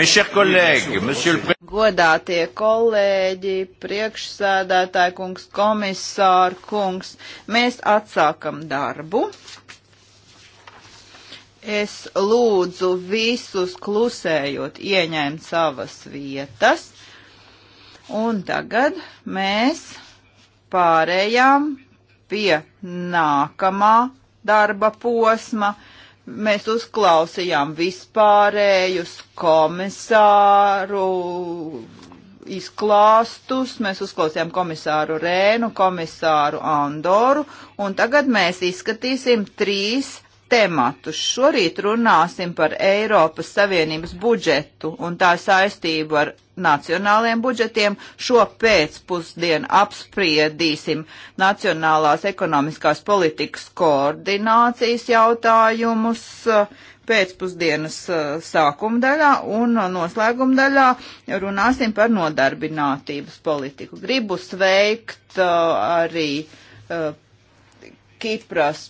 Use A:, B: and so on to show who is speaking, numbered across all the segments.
A: Godātie
B: kolēģi, priekšsēdētāji kungs, komisāri kungs, mēs atsākam darbu. Es lūdzu visus klusējot ieņemt savas vietas. Un tagad mēs pārējām pie nākamā darba posma Mēs uzklausījām vispārējus komisāru izklāstus, mēs uzklausījām komisāru Rēnu, komisāru Andoru, un tagad mēs izskatīsim trīs tematus. Šorīt runāsim par Eiropas Savienības budžetu un tā saistību ar nacionāliem budžetiem. Šo pēcpusdienu apspriedīsim nacionālās ekonomiskās politikas koordinācijas jautājumus uh, pēcpusdienas uh, sākuma daļā un noslēguma daļā runāsim par nodarbinātības politiku. Gribu sveikt uh, arī Kipras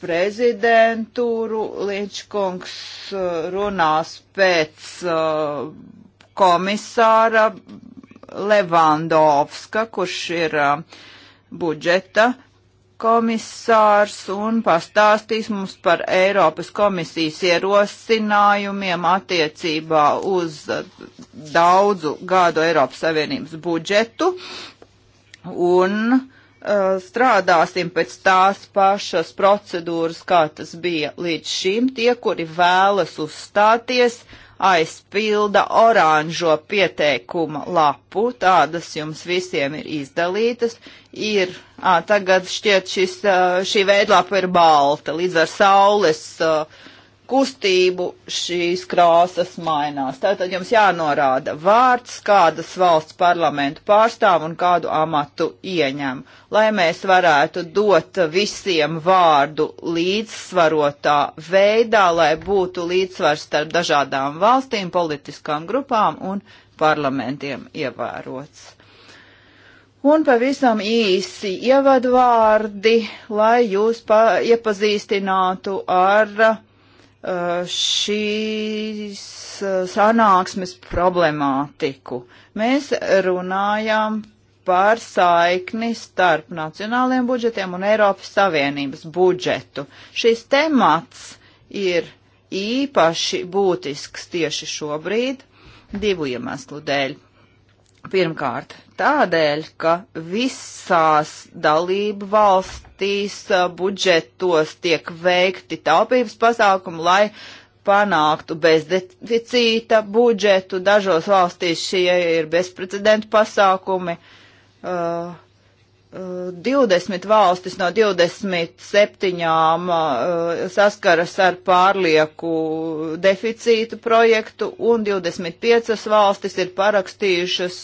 B: prezidentūru. Līčkungs uh, runās pēc uh, komisāra Levandovska, kurš ir uh, budžeta komisārs un pastāstīs mums par Eiropas komisijas ierosinājumiem attiecībā uz daudzu gadu Eiropas Savienības budžetu. Un uh, Uh, strādāsim pēc tās pašas procedūras, kā tas bija līdz šim. Tie, kuri vēlas uzstāties, aizpilda oranžo pieteikuma lapu, tādas jums visiem ir izdalītas. Ir, à, tagad šķiet šis, šī veidlapa ir balta, līdz ar saules uh, kustību šīs krāsas mainās. Tātad jums jānorāda vārds, kādas valsts parlamentu pārstāv un kādu amatu ieņem, lai mēs varētu dot visiem vārdu līdzsvarotā veidā, lai būtu līdzsvars starp dažādām valstīm, politiskām grupām un parlamentiem ievērots. Un pavisam īsi ievadvārdi, lai jūs pa, iepazīstinātu ar Uh, šīs uh, sanāksmes problemātiku. Mēs runājām par saikni starp nacionāliem budžetiem un Eiropas Savienības budžetu. Šis temats ir īpaši būtisks tieši šobrīd divu iemeslu dēļ. Pirmkārt, tādēļ, ka visās dalību valstīs budžetos tiek veikti taupības pasākumi, lai panāktu bezdeficīta budžetu. Dažos valstīs šie ir bezprecedenta pasākumi. Uh, 20 valstis no 27 uh, saskaras ar pārlieku deficītu projektu un 25 valstis ir parakstījušas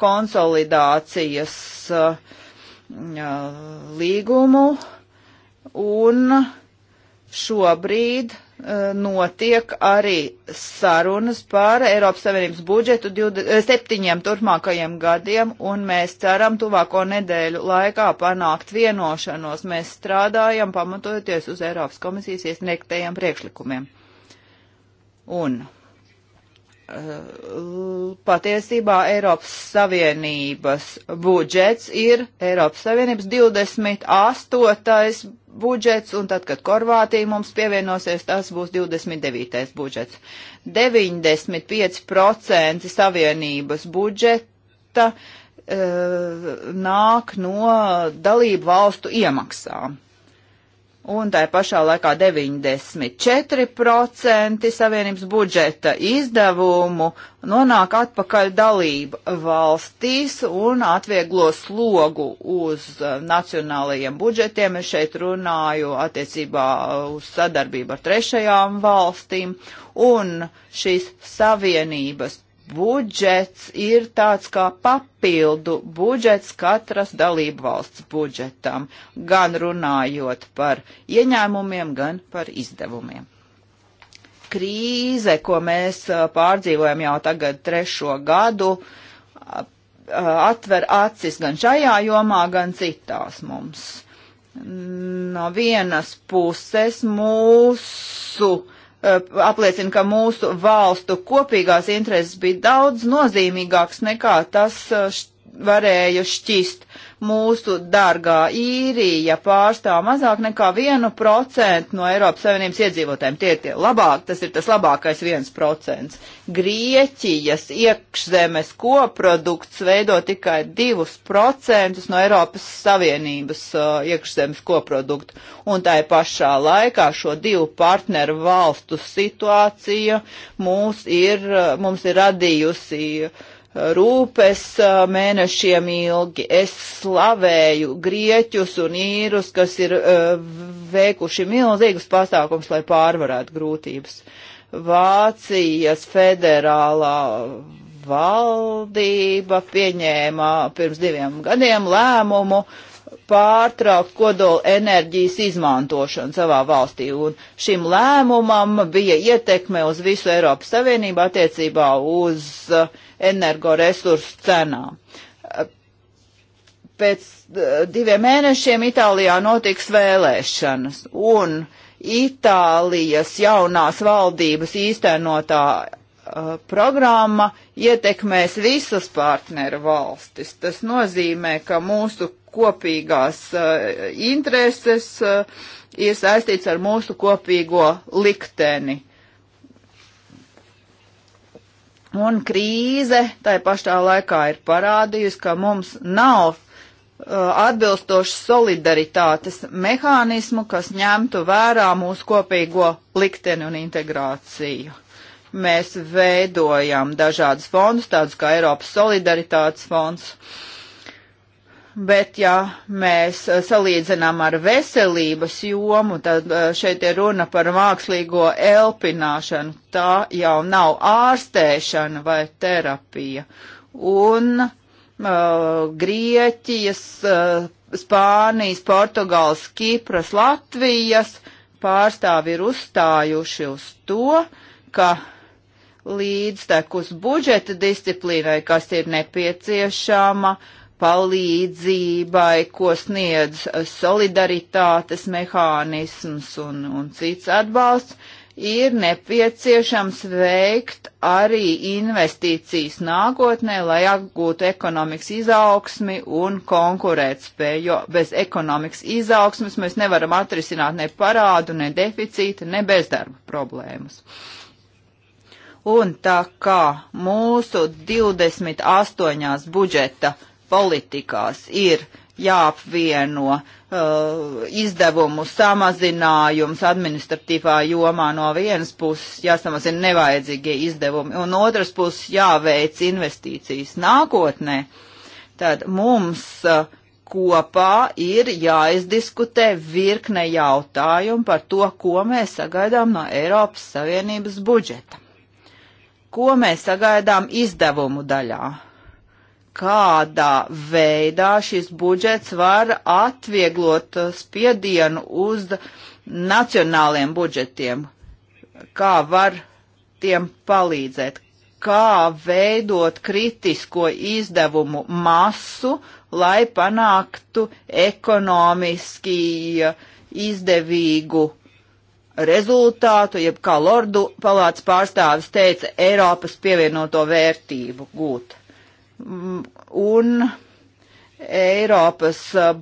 B: konsolidācijas uh, līgumu un šobrīd uh, notiek arī sarunas par Eiropas Savienības budžetu eh, septiņiem turpmākajiem gadiem, un mēs ceram tuvāko nedēļu laikā panākt vienošanos. Mēs strādājam pamatojoties uz Eiropas komisijas iesniegtajiem priekšlikumiem. Un Eh, patiesībā Eiropas Savienības budžets ir Eiropas Savienības 28. budžets, un tad, kad Korvātija mums pievienosies, tas būs 29. budžets. 95% Savienības budžeta uh, nāk no dalību valstu iemaksām un tai pašā laikā 94% savienības budžeta izdevumu nonāk atpakaļ dalību valstīs un atvieglo slogu uz uh, nacionālajiem budžetiem. Es šeit runāju attiecībā uz sadarbību ar trešajām valstīm un šīs savienības budžets ir tāds kā papildu budžets katras dalību valsts budžetam, gan runājot par ieņēmumiem, gan par izdevumiem. Krīze, ko mēs pārdzīvojam jau tagad trešo gadu, atver acis gan šajā jomā, gan citās mums. No vienas puses mūsu uh, Eh, apliecina, ka mūsu valstu kopīgās intereses bija daudz nozīmīgāks nekā tas eh, varēja šķist mūsu dārgā īrija pārstāv mazāk nekā 1% no Eiropas Savienības iedzīvotājiem. Tie ir tie labāk, tas ir tas labākais 1%. Grieķijas iekšzemes koprodukts veido tikai 2% no Eiropas Savienības uh, iekšzemes koproduktu. Un tai pašā laikā šo divu partneru valstu situācija mūs ir, uh, mums ir radījusi rūpes mēnešiem ilgi. Es slavēju grieķus un īrus, kas ir veikuši milzīgus pasākums, lai pārvarētu grūtības. Vācijas federālā valdība pieņēma pirms diviem gadiem lēmumu pārtraukt kodola enerģijas izmantošanu savā valstī, un šim lēmumam bija ietekme uz visu Eiropas Savienību attiecībā uz uh, energoresursu cenām. Pēc eh, diviem mēnešiem Itālijā notiks vēlēšanas, un Itālijas jaunās valdības īstenotā eh, programma ietekmēs visas partneru valstis. Tas nozīmē, ka mūsu kopīgās uh, intereses uh, ir saistīts ar mūsu kopīgo likteni. Un krīze tai pašā laikā ir parādījusi, ka mums nav uh, atbilstošu solidaritātes mehānismu, kas ņemtu vērā mūsu kopīgo likteni un integrāciju. Mēs veidojam dažādas fondus, tādus kā Eiropas solidaritātes fonds, uh, Bet, ja mēs eh, salīdzinām ar veselības jomu, tad eh, šeit ir runa par mākslīgo elpināšanu. Tā jau nav ārstēšana vai terapija. Un uh, Grieķijas, uh, Spānijas, Portugāles, Kipras, Latvijas pārstāvi ir uzstājuši uz to, ka līdztekus budžeta disciplīnai, kas ir nepieciešama, uh, palīdzībai, ko sniedz solidaritātes mehānisms un, un cits atbalsts, ir nepieciešams veikt arī investīcijas nākotnē, lai apgūtu ekonomikas izaugsmi un konkurētspēju, jo bez ekonomikas izaugsmes mēs nevaram atrisināt ne parādu, ne deficīta, ne bezdarba problēmas. Un tā kā mūsu 28. budžeta politikās ir jāapvieno uh, izdevumu samazinājums administratīvā jomā no vienas puses, jāsamazina nevajadzīgie izdevumi, un otras puses jāveic investīcijas nākotnē, tad mums uh, kopā ir jāizdiskutē virkne jautājumu par to, ko mēs sagaidām no Eiropas Savienības budžeta. Ko mēs sagaidām izdevumu daļā? kādā veidā šis budžets var atvieglot spiedienu uz nacionāliem budžetiem, kā var tiem palīdzēt, kā veidot kritisko izdevumu masu, lai panāktu ekonomiski izdevīgu rezultātu, jeb kā Lordu palāts pārstāvis teica, Eiropas pievienoto vērtību gūt. Mm, un Eiropas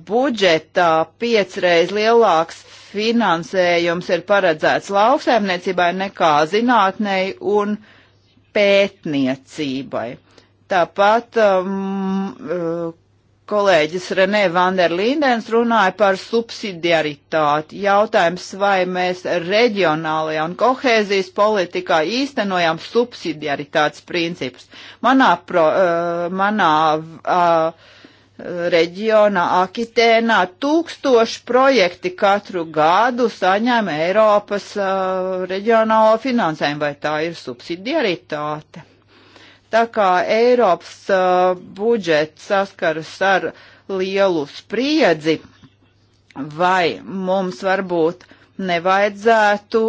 B: budžetā piecreiz lielāks finansējums ir paredzēts lauksaimniecībai nekā zinātnei un pētniecībai. Tāpat um, kolēģis Renē Vanderlindens runāja par subsidiaritāti. Jautājums, vai mēs reģionālajā un kohēzijas politikā īstenojam subsidiaritātes principus. Manā, pro, uh, manā uh, reģionā Akitēnā tūkstoši projekti katru gadu saņem Eiropas uh, reģionālo finansējumu, vai tā ir subsidiaritāte? Tā kā Eiropas uh, budžets saskaras ar lielu spriedzi, vai mums varbūt nevajadzētu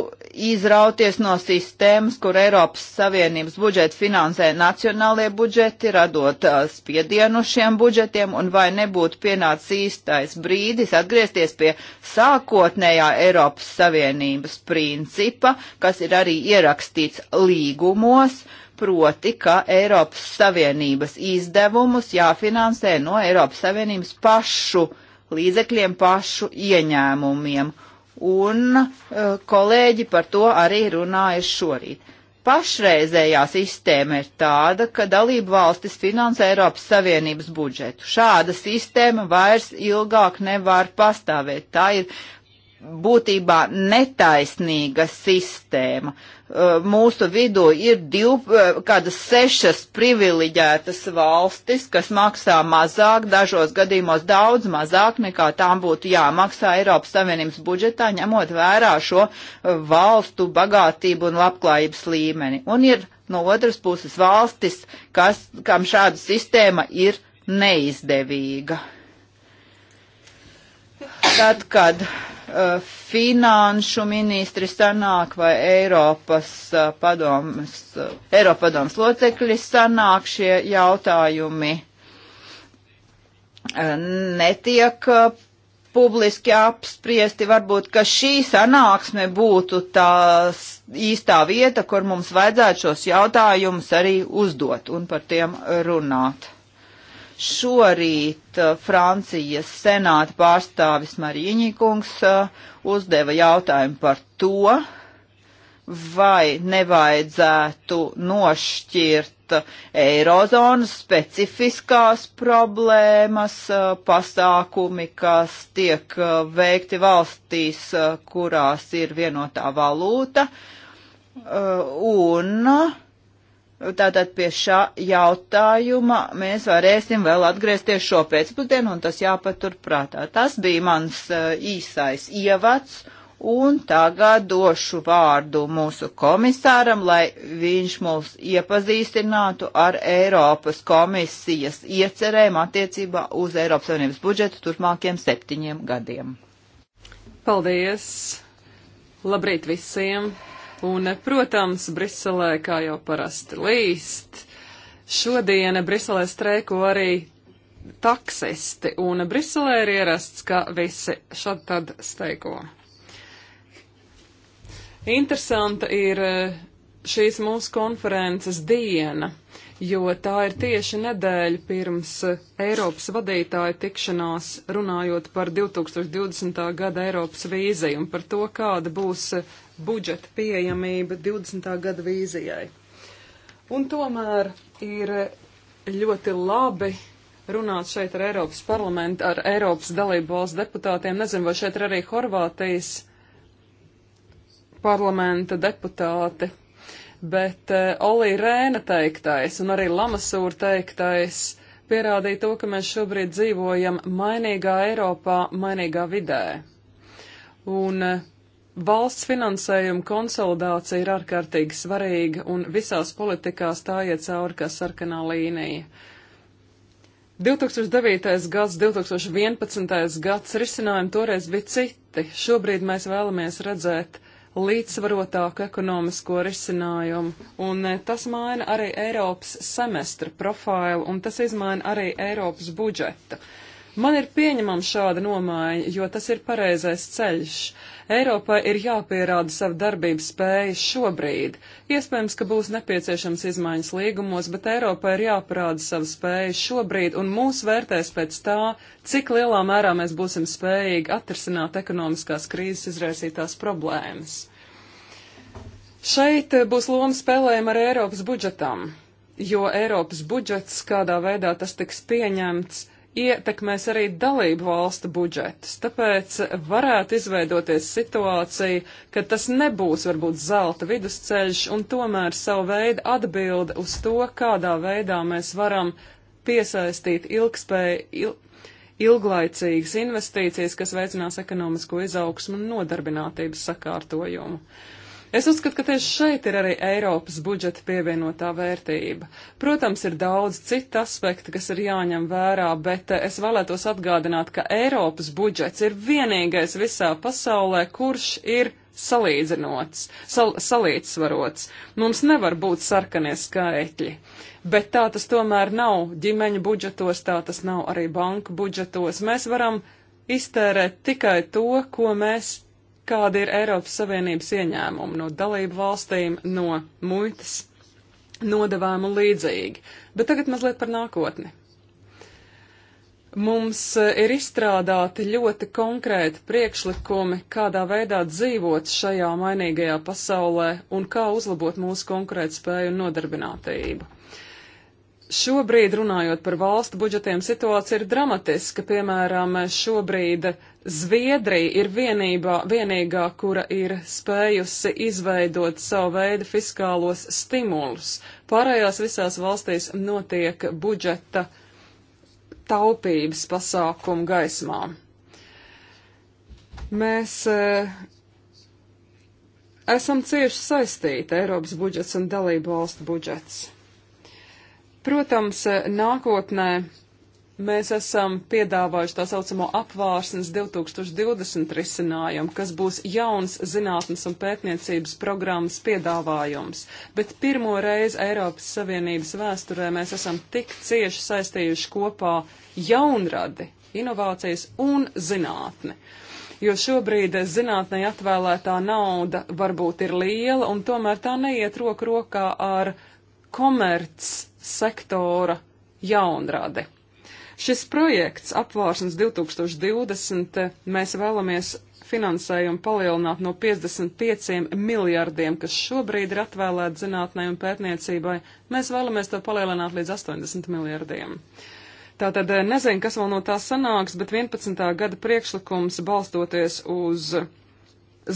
B: izrauties no sistēmas, kur Eiropas Savienības budžeti finansē nacionālie budžeti, radot uh, spiedienu šiem budžetiem, un vai nebūtu pienācis īstais brīdis atgriezties pie sākotnējā Eiropas Savienības principa, kas ir arī ierakstīts līgumos, uh, proti, ka Eiropas Savienības izdevumus jāfinansē no Eiropas Savienības pašu līdzekļiem, pašu ieņēmumiem. Un uh, kolēģi par to arī runāja šorīt. Pašreizējā sistēma ir tāda, ka dalību valstis finansē Eiropas Savienības budžetu. Šāda sistēma vairs ilgāk nevar pastāvēt. Tā ir būtībā netaisnīga sistēma. Uh, Eh, mūsu vidū ir div, eh, kādas sešas privileģētas valstis, kas maksā mazāk, dažos gadījumos daudz mazāk nekā tām būtu jāmaksā Eiropas Savienības budžetā, ņemot vērā šo eh, valstu bagātību un labklājības līmeni. Un ir no otras puses valstis, kas, kam šāda sistēma ir neizdevīga. Tad, kad Eh, finanšu ministri sanāk vai Eiropas eh, padomas, eh, Eiropa padomas locekļi sanāk šie jautājumi netiek publiski apspriesti, varbūt, ka šī sanāksme būtu tā īstā vieta, kur mums vajadzētu šos jautājumus arī uzdot un par tiem runāt. Šorīt uh, Francijas senāta pārstāvis Mariņikungs uh, uzdeva jautājumu par to, vai nevajadzētu nošķirt eirozonas specifiskās problēmas, uh, pasākumi, kas tiek veikti valstīs, kurās ir vienotā valūta, un Tātad pie šā jautājuma mēs varēsim vēl atgriezties šo pēcpusdienu, un tas jāpatur prātā. Tas bija mans eh, īsais ievads, un tagad došu vārdu mūsu komisāram, lai viņš mūs iepazīstinātu ar Eiropas komisijas iecerēm attiecībā uz Eiropas Savienības budžetu turpmākiem septiņiem
C: gadiem. Paldies! Labrīt visiem! Un, protams, Briselē, kā jau parasti līst, šodien Briselē streiko arī taksisti, un Briselē ir ierasts, ka visi šad tad steiko. Interesanta ir eh, šīs mūsu konferences diena, jo tā ir tieši nedēļa pirms eh, Eiropas vadītāja tikšanās runājot par 2020. gada Eiropas vīziju un par to, kāda būs eh, budžeta pieejamība 20. gada vīzijai. Un tomēr ir ļoti labi runāt šeit ar Eiropas parlamentu, ar Eiropas dalību valsts deputātiem. Nezinu, vai šeit ir arī Horvātijas parlamenta deputāti, bet uh, Olī Rēna teiktais un arī Lamasūra teiktais pierādīja to, ka mēs šobrīd dzīvojam mainīgā Eiropā, mainīgā vidē. Un uh, Valsts finansējuma konsolidācija ir ārkārtīgi svarīga, un visās politikās tā iet cauri kā sarkanā līnija. 2009. gads, 2011. gads risinājumi toreiz bija citi. Šobrīd mēs vēlamies redzēt līdzsvarotāku ekonomisko risinājumu, un eh, tas maina arī Eiropas semestra profilu, un tas izmaina arī Eiropas budžetu. Uh, Man ir pieņemama šāda nomaiņa, jo tas ir pareizais ceļš. Eiropai ir jāpierāda savu darbības spēju šobrīd. Iespējams, ka būs nepieciešams izmaiņas līgumos, bet Eiropai ir jāparāda savu spēju šobrīd, un mūs vērtēs pēc tā, cik lielā mērā mēs būsim spējīgi atrisināt ekonomiskās krīzes izraisītās problēmas. Šeit eh, būs loma spēlējama ar Eiropas budžetam, jo Eiropas budžets, kādā veidā tas tiks pieņemts, ietekmēs arī dalību valstu budžetus. Tāpēc varētu izveidoties situācija, ka tas nebūs varbūt zelta vidusceļš un tomēr savu veidu atbildi uz to, kādā veidā mēs varam piesaistīt ilgspēju. Il ilglaicīgas investīcijas, kas veicinās ekonomisko izaugsmu un nodarbinātības sakārtojumu. Uh, Es uzskatu, ka tieši šeit ir arī Eiropas budžeta pievienotā vērtība. Protams, ir daudz citu aspektu, kas ir jāņem vērā, bet eh, es vēlētos atgādināt, ka Eiropas budžets ir vienīgais visā pasaulē, kurš ir salīdzinots, sal salīdzsvarots. Mums nevar būt sarkanie skaitļi. Bet tā tas tomēr nav ģimeņu budžetos, tā tas nav arī banku budžetos. Mēs varam iztērēt tikai to, ko mēs kāda ir Eiropas Savienības ieņēmuma no dalību valstīm, no muitas nodevām un līdzīgi. Bet tagad mazliet par nākotni. Mums e, ir izstrādāti ļoti konkrēti priekšlikumi, kādā veidā dzīvot šajā mainīgajā pasaulē un kā uzlabot mūsu konkurētspēju un nodarbinātību. Šobrīd, runājot par valstu budžetiem, situācija ir dramatiska. Piemēram, šobrīd Zviedrija ir vienībā, vienīgā, kura ir spējusi izveidot savu veidu fiskālos stimulus. Pārējās visās valstīs notiek budžeta taupības pasākumu gaismā. Mēs eh, esam cieši saistīti Eiropas budžets un dalību valstu budžets. Protams, eh, nākotnē mēs esam piedāvājuši tā saucamo apvārsnes 2020 risinājumu, kas būs jauns zinātnes un pētniecības programmas piedāvājums. Bet pirmo reizi Eiropas Savienības vēsturē mēs esam tik cieši saistījuši kopā jaunradi, inovācijas un zinātni. Jo šobrīd zinātnē atvēlētā nauda varbūt ir liela, un tomēr tā neiet roku rokā ar uh, komerc sektora jaunrade. Šis projekts apvārsnes 2020 mēs vēlamies finansējumu palielināt no 55 miljardiem, kas šobrīd ir atvēlēti zinātnē un pētniecībai. Mēs vēlamies to palielināt līdz 80 miljardiem. Tātad eh, nezinu, kas vēl no tā sanāks, bet 11. gada priekšlikums balstoties uz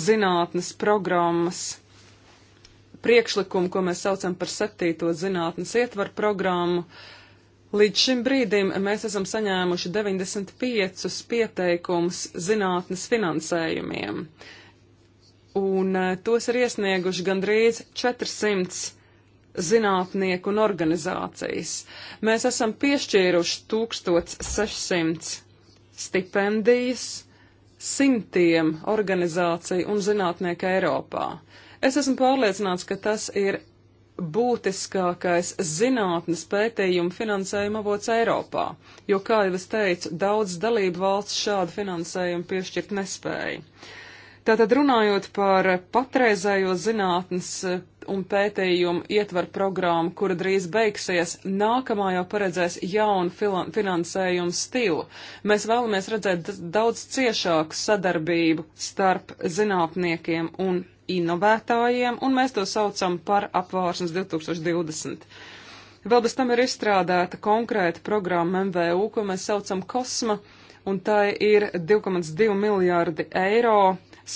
C: zinātnes programmas priekšlikumu, ko mēs saucam par septīto zinātnes ietvaru programmu. Līdz šim brīdim mēs esam saņēmuši 95 pieteikumus zinātnes finansējumiem, un e, tos ir iesnieguši gandrīz 400 zinātnieku un organizācijas. Mēs esam piešķīruši 1600 stipendijas simtiem organizāciju un zinātnieku Eiropā. Es esmu pārliecināts, ka tas ir būtiskākais zinātnes pētījuma finansējuma avots Eiropā, jo, kā jau es teicu, daudz dalību valsts šādu finansējumu piešķirt nespēja. Tātad runājot par patreizējo zinātnes eh, un pētījumu ietvaru programmu, kura drīz beigsies, nākamā jau paredzēs jaunu finansējumu stilu. Mēs vēlamies redzēt daudz ciešāku sadarbību starp zinātniekiem un inovētājiem, un mēs to saucam par apvārsnes 2020. Vēl bez tam ir izstrādāta konkrēta programma MVU, ko mēs saucam Kosma, un tā ir 2,2 miljārdi eiro.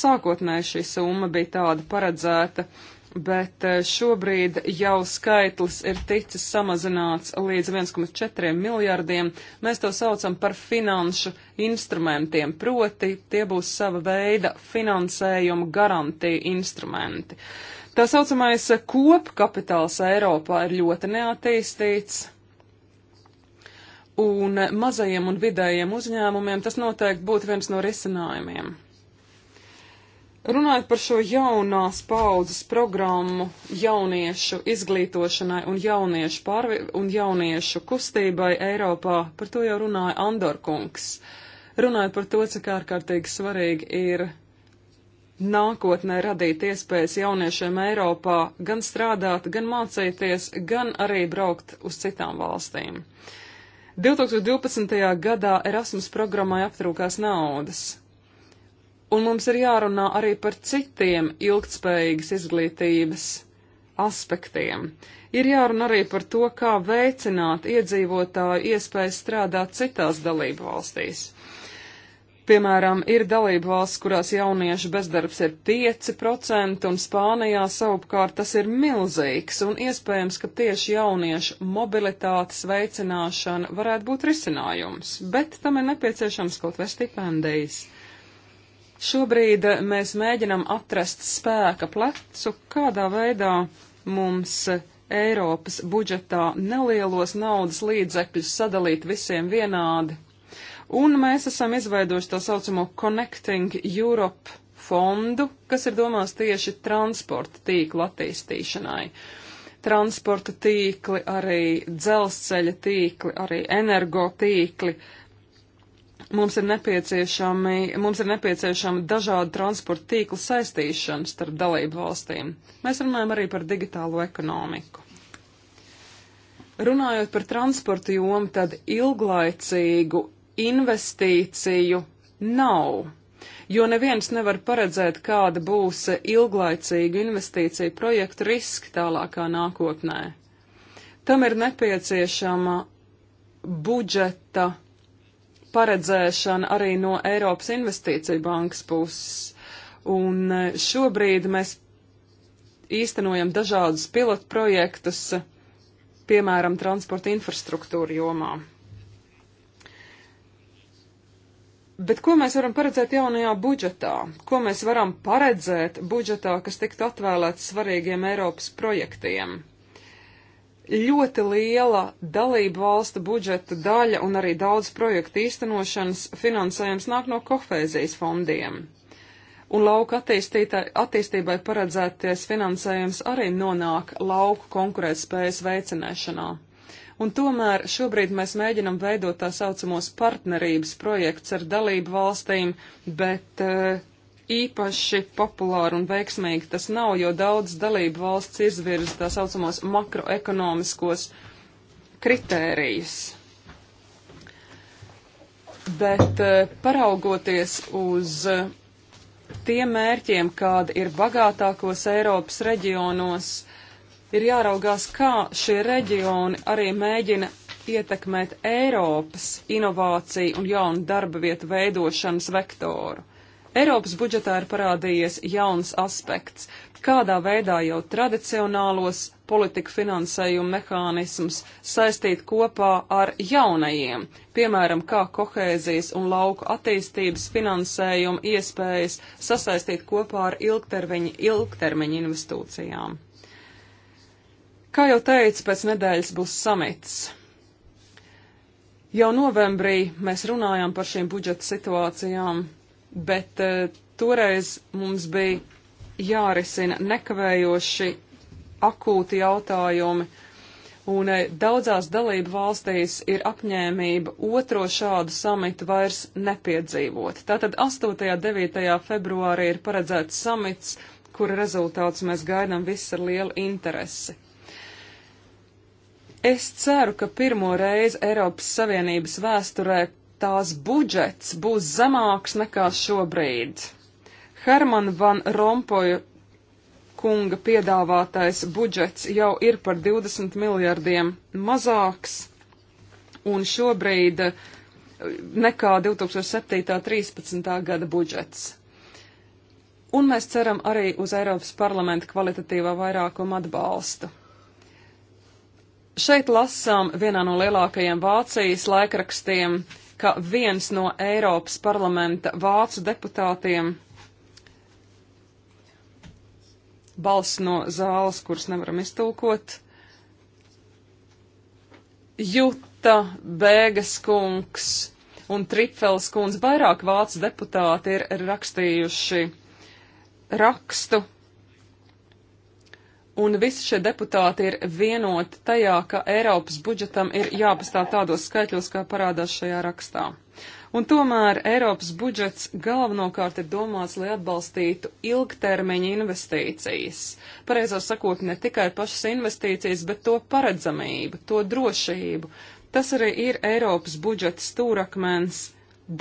C: Sākotnēji šī summa bija tāda paredzēta bet eh, šobrīd jau skaitlis ir ticis samazināts līdz 1,4 miljardiem. Mēs to saucam par finanšu instrumentiem, proti tie būs sava veida finansējuma garantija instrumenti. Tā saucamais kopkapitāls Eiropā ir ļoti neattīstīts. Un mazajiem un vidējiem uzņēmumiem tas noteikti būtu viens no risinājumiem. Runājot par šo jaunās paudzes programmu jauniešu izglītošanai un jauniešu, pārvi, un jauniešu kustībai Eiropā, par to jau runāja Andorkungs. Runājot par to, cik ārkārtīgi svarīgi ir nākotnē radīt iespējas jauniešiem Eiropā gan strādāt, gan mācīties, gan arī braukt uz citām valstīm. 2012. gadā Erasmus programmai aptrūkās naudas Un mums ir jārunā arī par citiem ilgtspējīgas izglītības aspektiem. Ir jārunā arī par to, kā veicināt iedzīvotāju iespējas strādāt citās dalību valstīs. Piemēram, ir dalību valsts, kurās jauniešu bezdarbs ir 5%, un Spānijā savukārt tas ir milzīgs, un iespējams, ka tieši jauniešu mobilitātes veicināšana varētu būt risinājums, bet tam ir nepieciešams kaut vai stipendijas. Šobrīd eh, mēs mēģinam atrast spēka plecu, kādā veidā mums eh, Eiropas budžetā nelielos naudas līdzekļus sadalīt visiem vienādi. Un mēs esam izveidojuši tā saucamo Connecting Europe fondu, kas ir domās tieši transporta tīklu attīstīšanai. Transporta tīkli, arī dzelzceļa tīkli, arī energo tīkli. Uh, Mums ir, mums ir nepieciešama dažādu transporta tīklu saistīšana starp dalību valstīm. Mēs runājam arī par digitālo ekonomiku. Runājot par transporta jomu, tad ilglaicīgu investīciju nav jo neviens nevar paredzēt, kāda būs ilglaicīga investīcija projekta riska tālākā nākotnē. Tam ir nepieciešama budžeta paredzēšana arī no Eiropas investīcija bankas puses. Un e, šobrīd mēs īstenojam dažādus pilotprojektus, e, piemēram, transporta infrastruktūra jomā. Bet ko mēs varam paredzēt jaunajā budžetā? Ko mēs varam paredzēt budžetā, kas tiktu atvēlēts svarīgiem Eiropas projektiem? ļoti liela dalību valstu budžeta daļa un arī daudz projektu īstenošanas finansējums nāk no kohēzijas fondiem. Un lauka attīstībai paredzēties finansējums arī nonāk lauku konkurētspējas veicināšanā. Un tomēr šobrīd mēs mēģinam veidot tā saucamos partnerības projekts ar dalību valstīm, bet uh, īpaši populāri un veiksmīgi tas nav, jo daudz dalību valsts izvirza tā saucamos makroekonomiskos kritērijus. Bet eh, paraugoties uz eh, tiem mērķiem, kāda ir bagātākos Eiropas reģionos, ir jāraugās, kā šie reģioni arī mēģina ietekmēt Eiropas inovāciju un jaunu darba vietu veidošanas vektoru. Eiropas budžetā ir parādījies jauns aspekts, kādā veidā jau tradicionālos politika finansējuma mehānismus saistīt kopā ar jaunajiem, piemēram, kā kohēzijas un lauku attīstības finansējuma iespējas sasaistīt kopā ar ilgtermiņa, ilgtermiņa institūcijām. Kā jau teicu, pēc nedēļas būs samits. Jau novembrī mēs runājām par šīm budžeta situācijām bet eh, toreiz mums bija jārisina nekavējoši akūti jautājumi, un eh, daudzās dalību valstīs ir apņēmība otro šādu samitu vairs nepiedzīvot. Tātad 8. un 9. februārī ir paredzēts samits, kura rezultāts mēs gaidām viss ar lielu interesi. Es ceru, ka pirmo reizi Eiropas Savienības vēsturē tās budžets būs zemāks nekā šobrīd. Herman van Rompoja kunga piedāvātais budžets jau ir par 20 miljardiem mazāks, un šobrīd eh, nekā 2007.13. gada budžets. Un mēs ceram arī uz Eiropas parlamenta kvalitatīvā vairākuma atbalstu. Šeit lasām vienā no lielākajiem Vācijas laikrakstiem ka viens no Eiropas parlamenta vācu deputātiem balss no zāles, kuras nevaram iztulkot, Juta Bēgas kungs un Tripfels kungs, vairāk vācu deputāti ir rakstījuši rakstu un visi šie deputāti ir vienoti tajā, ka Eiropas budžetam ir jāpastāv tādos skaitļos, kā parādās šajā rakstā. Un tomēr Eiropas budžets galvenokārt ir domāts, lai atbalstītu ilgtermiņa investīcijas. Pareizāk sakot, ne tikai pašas investīcijas, bet to paredzamību, to drošību. Tas arī ir Eiropas budžeta stūrakmens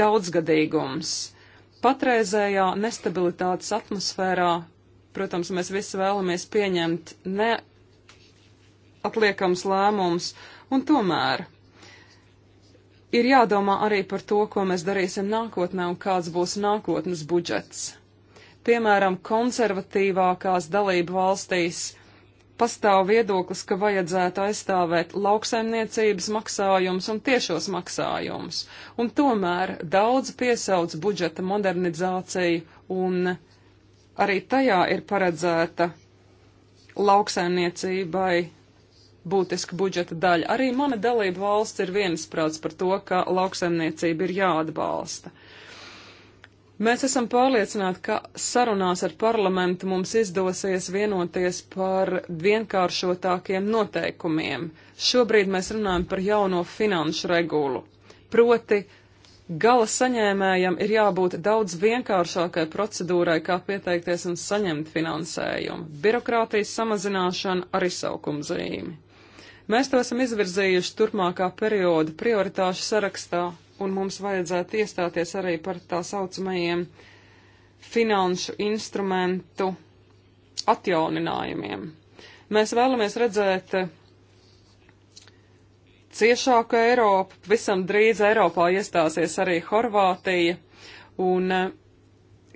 C: daudzgadīgums. Patreizējā nestabilitātes atmosfērā Protams, mēs visi vēlamies pieņemt neatliekams lēmums, un tomēr ir jādomā arī par to, ko mēs darīsim nākotnē un kāds būs nākotnes budžets. Piemēram, konservatīvākās dalību valstīs pastāv viedoklis, ka vajadzētu aizstāvēt lauksaimniecības maksājumus un tiešos maksājumus, un tomēr daudz piesauc budžeta modernizāciju un arī tajā ir paredzēta lauksaimniecībai būtiska budžeta daļa. Arī mana dalība valsts ir viensprāts par to, ka lauksaimniecība ir jāatbalsta. Mēs esam pārliecināti, ka sarunās ar parlamentu mums izdosies vienoties par vienkāršotākiem noteikumiem. Šobrīd mēs runājam par jauno finanšu regulu. Proti, Gala saņēmējam ir jābūt daudz vienkāršākai procedūrai, kā pieteikties un saņemt finansējumu. Birokrātijas samazināšana arī saukumzīmi. Mēs to esam izvirzījuši turpmākā perioda prioritāšu sarakstā, un mums vajadzētu iestāties arī par tā saucamajiem finanšu instrumentu atjauninājumiem. Mēs vēlamies redzēt ciešāku Eiropu. Visam drīz Eiropā iestāsies arī Horvātija. Un, eh,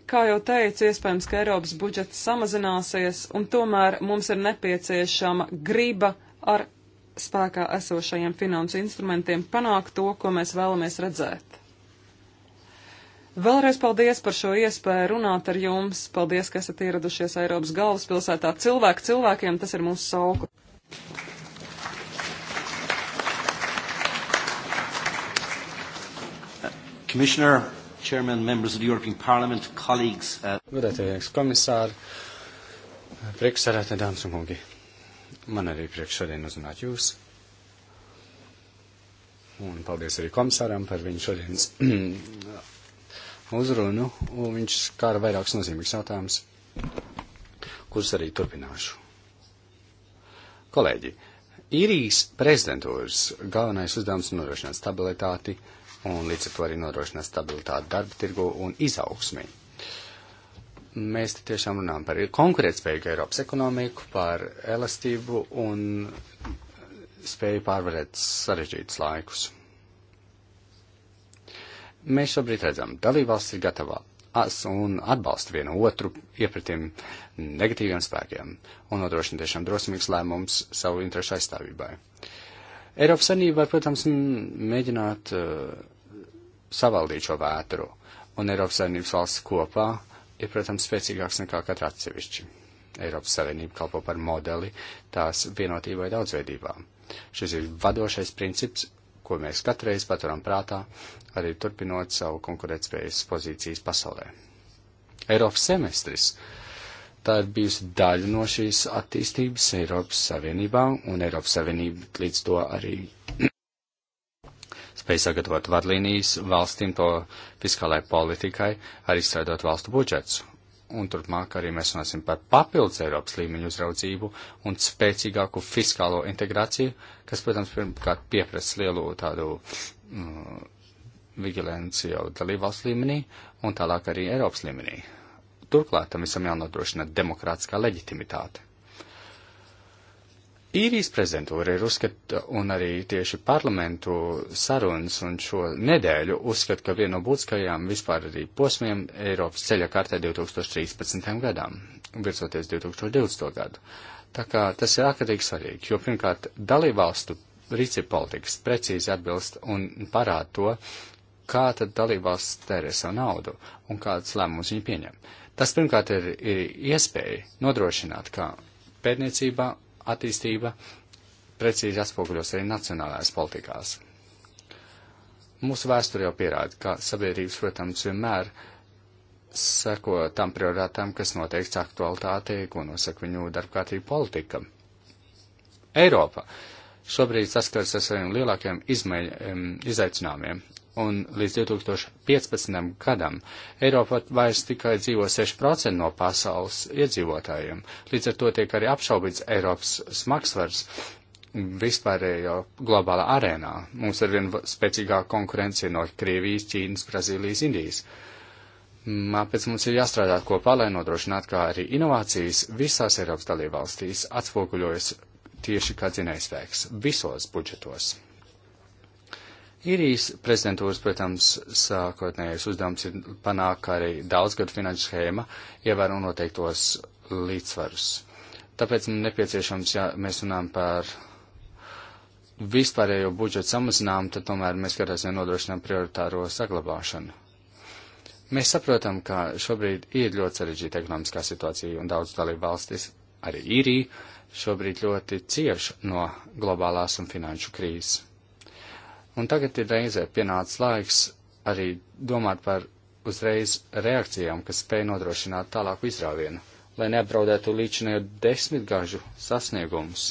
C: kā jau teicu, iespējams, ka Eiropas budžets samazināsies, un tomēr mums ir nepieciešama griba ar spēkā esošajiem finansu instrumentiem panākt to, ko mēs vēlamies redzēt. Vēlreiz paldies par šo iespēju runāt ar jums. Paldies, ka esat ieradušies Eiropas galvaspilsētā. Cilvēki cilvēkiem tas ir mūsu sauku.
A: Commissioner, Chairman, members of the European Parliament, colleagues. Uh, Godētajais komisāri, priekšsarētē dāmas un kungi. Man arī prieks šodien uzrunāt jūs. Un paldies arī komisāram par viņu šodienas uzrunu. Un viņš skāra vairākus nozīmīgus jautājumus, kurus arī turpināšu. Kolēģi, īrijas prezidentūras galvenais uzdevums ir nodrošināt stabilitāti, uh, un līdz ar to arī nodrošināt stabilitāti darba tirgu un izaugsmi. Mēs tiešām runājam par konkurētspējīgu Eiropas ekonomiku, par elastību un spēju pārvarēt sarežģītus laikus. Mēs šobrīd redzam, dalībvalsts ir gatavā un atbalsta vienu otru iepratiem negatīviem spēkiem un nodrošina tiešām drosmīgs lēmums savu interesu aizstāvībai. Eiropas Savienība var, protams, mēģināt uh, savaldīt šo vētru, un Eiropas Savienības valsts kopā ir, protams, spēcīgāks nekā katra atsevišķi. Eiropas Savienība kalpo par modeli tās vienotībai daudzveidībā. Šis ir vadošais princips, ko mēs katreiz paturam prātā, arī turpinot savu konkurētspējas pozīcijas pasaulē. Eiropas semestris. Tā ir bijusi daļa no šīs attīstības Eiropas Savienībā, un Eiropas Savienība līdz to arī spēj sagatavot vadlīnijas valstīm to fiskālai politikai, arī izstrādot valstu budžets. Un turpmāk arī mēs runāsim par papildus Eiropas līmeņu uzraudzību un spēcīgāku fiskālo integrāciju, kas, protams, pirmkārt pieprasa lielu tādu mm, vigilenci jau dalībvalsts līmenī un tālāk arī Eiropas līmenī. Turklāt tam visam jānodrošina demokrātiskā leģitimitāte. Īrijas prezidentūra ir uzskata, un arī tieši parlamentu sarunas un šo nedēļu uzskata, ka viena no būtiskajām vispār arī posmiem Eiropas ceļa kartē 2013. gadām, virzoties 2020. gadu. Tā kā tas ir ārkārtīgi svarīgi, jo pirmkārt dalībvalstu rīcība politikas precīzi atbilst un parāda to, kā tad dalībvalsts tērē savu naudu un kādas lēmumus viņi pieņem. Tas pirmkārt ir, ir iespēja nodrošināt, ka pētniecībā attīstība precīzi atspoguļos arī nacionālās politikās. Mūsu vēsture jau pierāda, ka sabiedrības, protams, vienmēr seko tam prioritātam, kas noteikts aktualitātei, ko nosaka viņu darbkārtību politika. Eiropa šobrīd saskars ar saviem lielākiem izmaiņ, izaicinājumiem un līdz 2015. gadam Eiropa vairs tikai dzīvo 6% no pasaules iedzīvotājiem. Līdz ar to tiek arī apšaubīts Eiropas smagsvars vispārējo globālā arēnā. Mums ir vien spēcīgā konkurence no Krievijas, Ķīnas, Brazīlijas, Indijas. Tāpēc mums ir jāstrādā kopā, lai nodrošinātu, kā arī inovācijas visās Eiropas dalībvalstīs atspoguļojas tieši kā dzinējspēks visos budžetos. Īrijas prezidentūras, protams, sākotnējais uzdevums ir panākt arī daudzgadu finanšu schēma ievēro noteiktos līdzsvarus. Tāpēc nepieciešams, ja mēs runājam par vispārējo budžetu samazinājumu, tad tomēr mēs katrā ziņā nodrošinām prioritāro saglabāšanu. Mēs saprotam, ka šobrīd ir ļoti sarežģīta ekonomiskā situācija un daudz dalību valstis, arī īrija, šobrīd ļoti cieši no globālās un finanšu krīzes. Un tagad ir reizē pienācis laiks arī domāt par uzreiz reakcijām, kas spēj nodrošināt tālāku izrāvienu, lai neapdraudētu līdšanējo desmitgažu sasniegumus.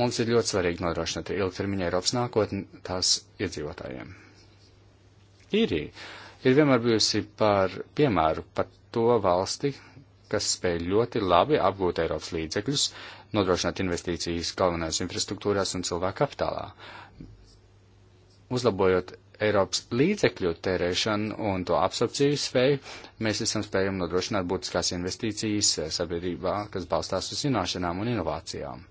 A: Mums ir ļoti svarīgi nodrošināt ilgtermiņa Eiropas nākotni tās iedzīvotājiem. Īrija ir vienmēr bijusi par piemēru par to valsti, kas spēj ļoti labi apgūt Eiropas līdzekļus, nodrošināt investīcijas galvenās infrastruktūrās un cilvēku kapitālā uzlabojot Eiropas līdzekļu tērēšanu un to absorpciju spēju, mēs esam spējami nodrošināt būtiskās investīcijas eh, sabiedrībā, kas balstās uz zināšanām un inovācijām.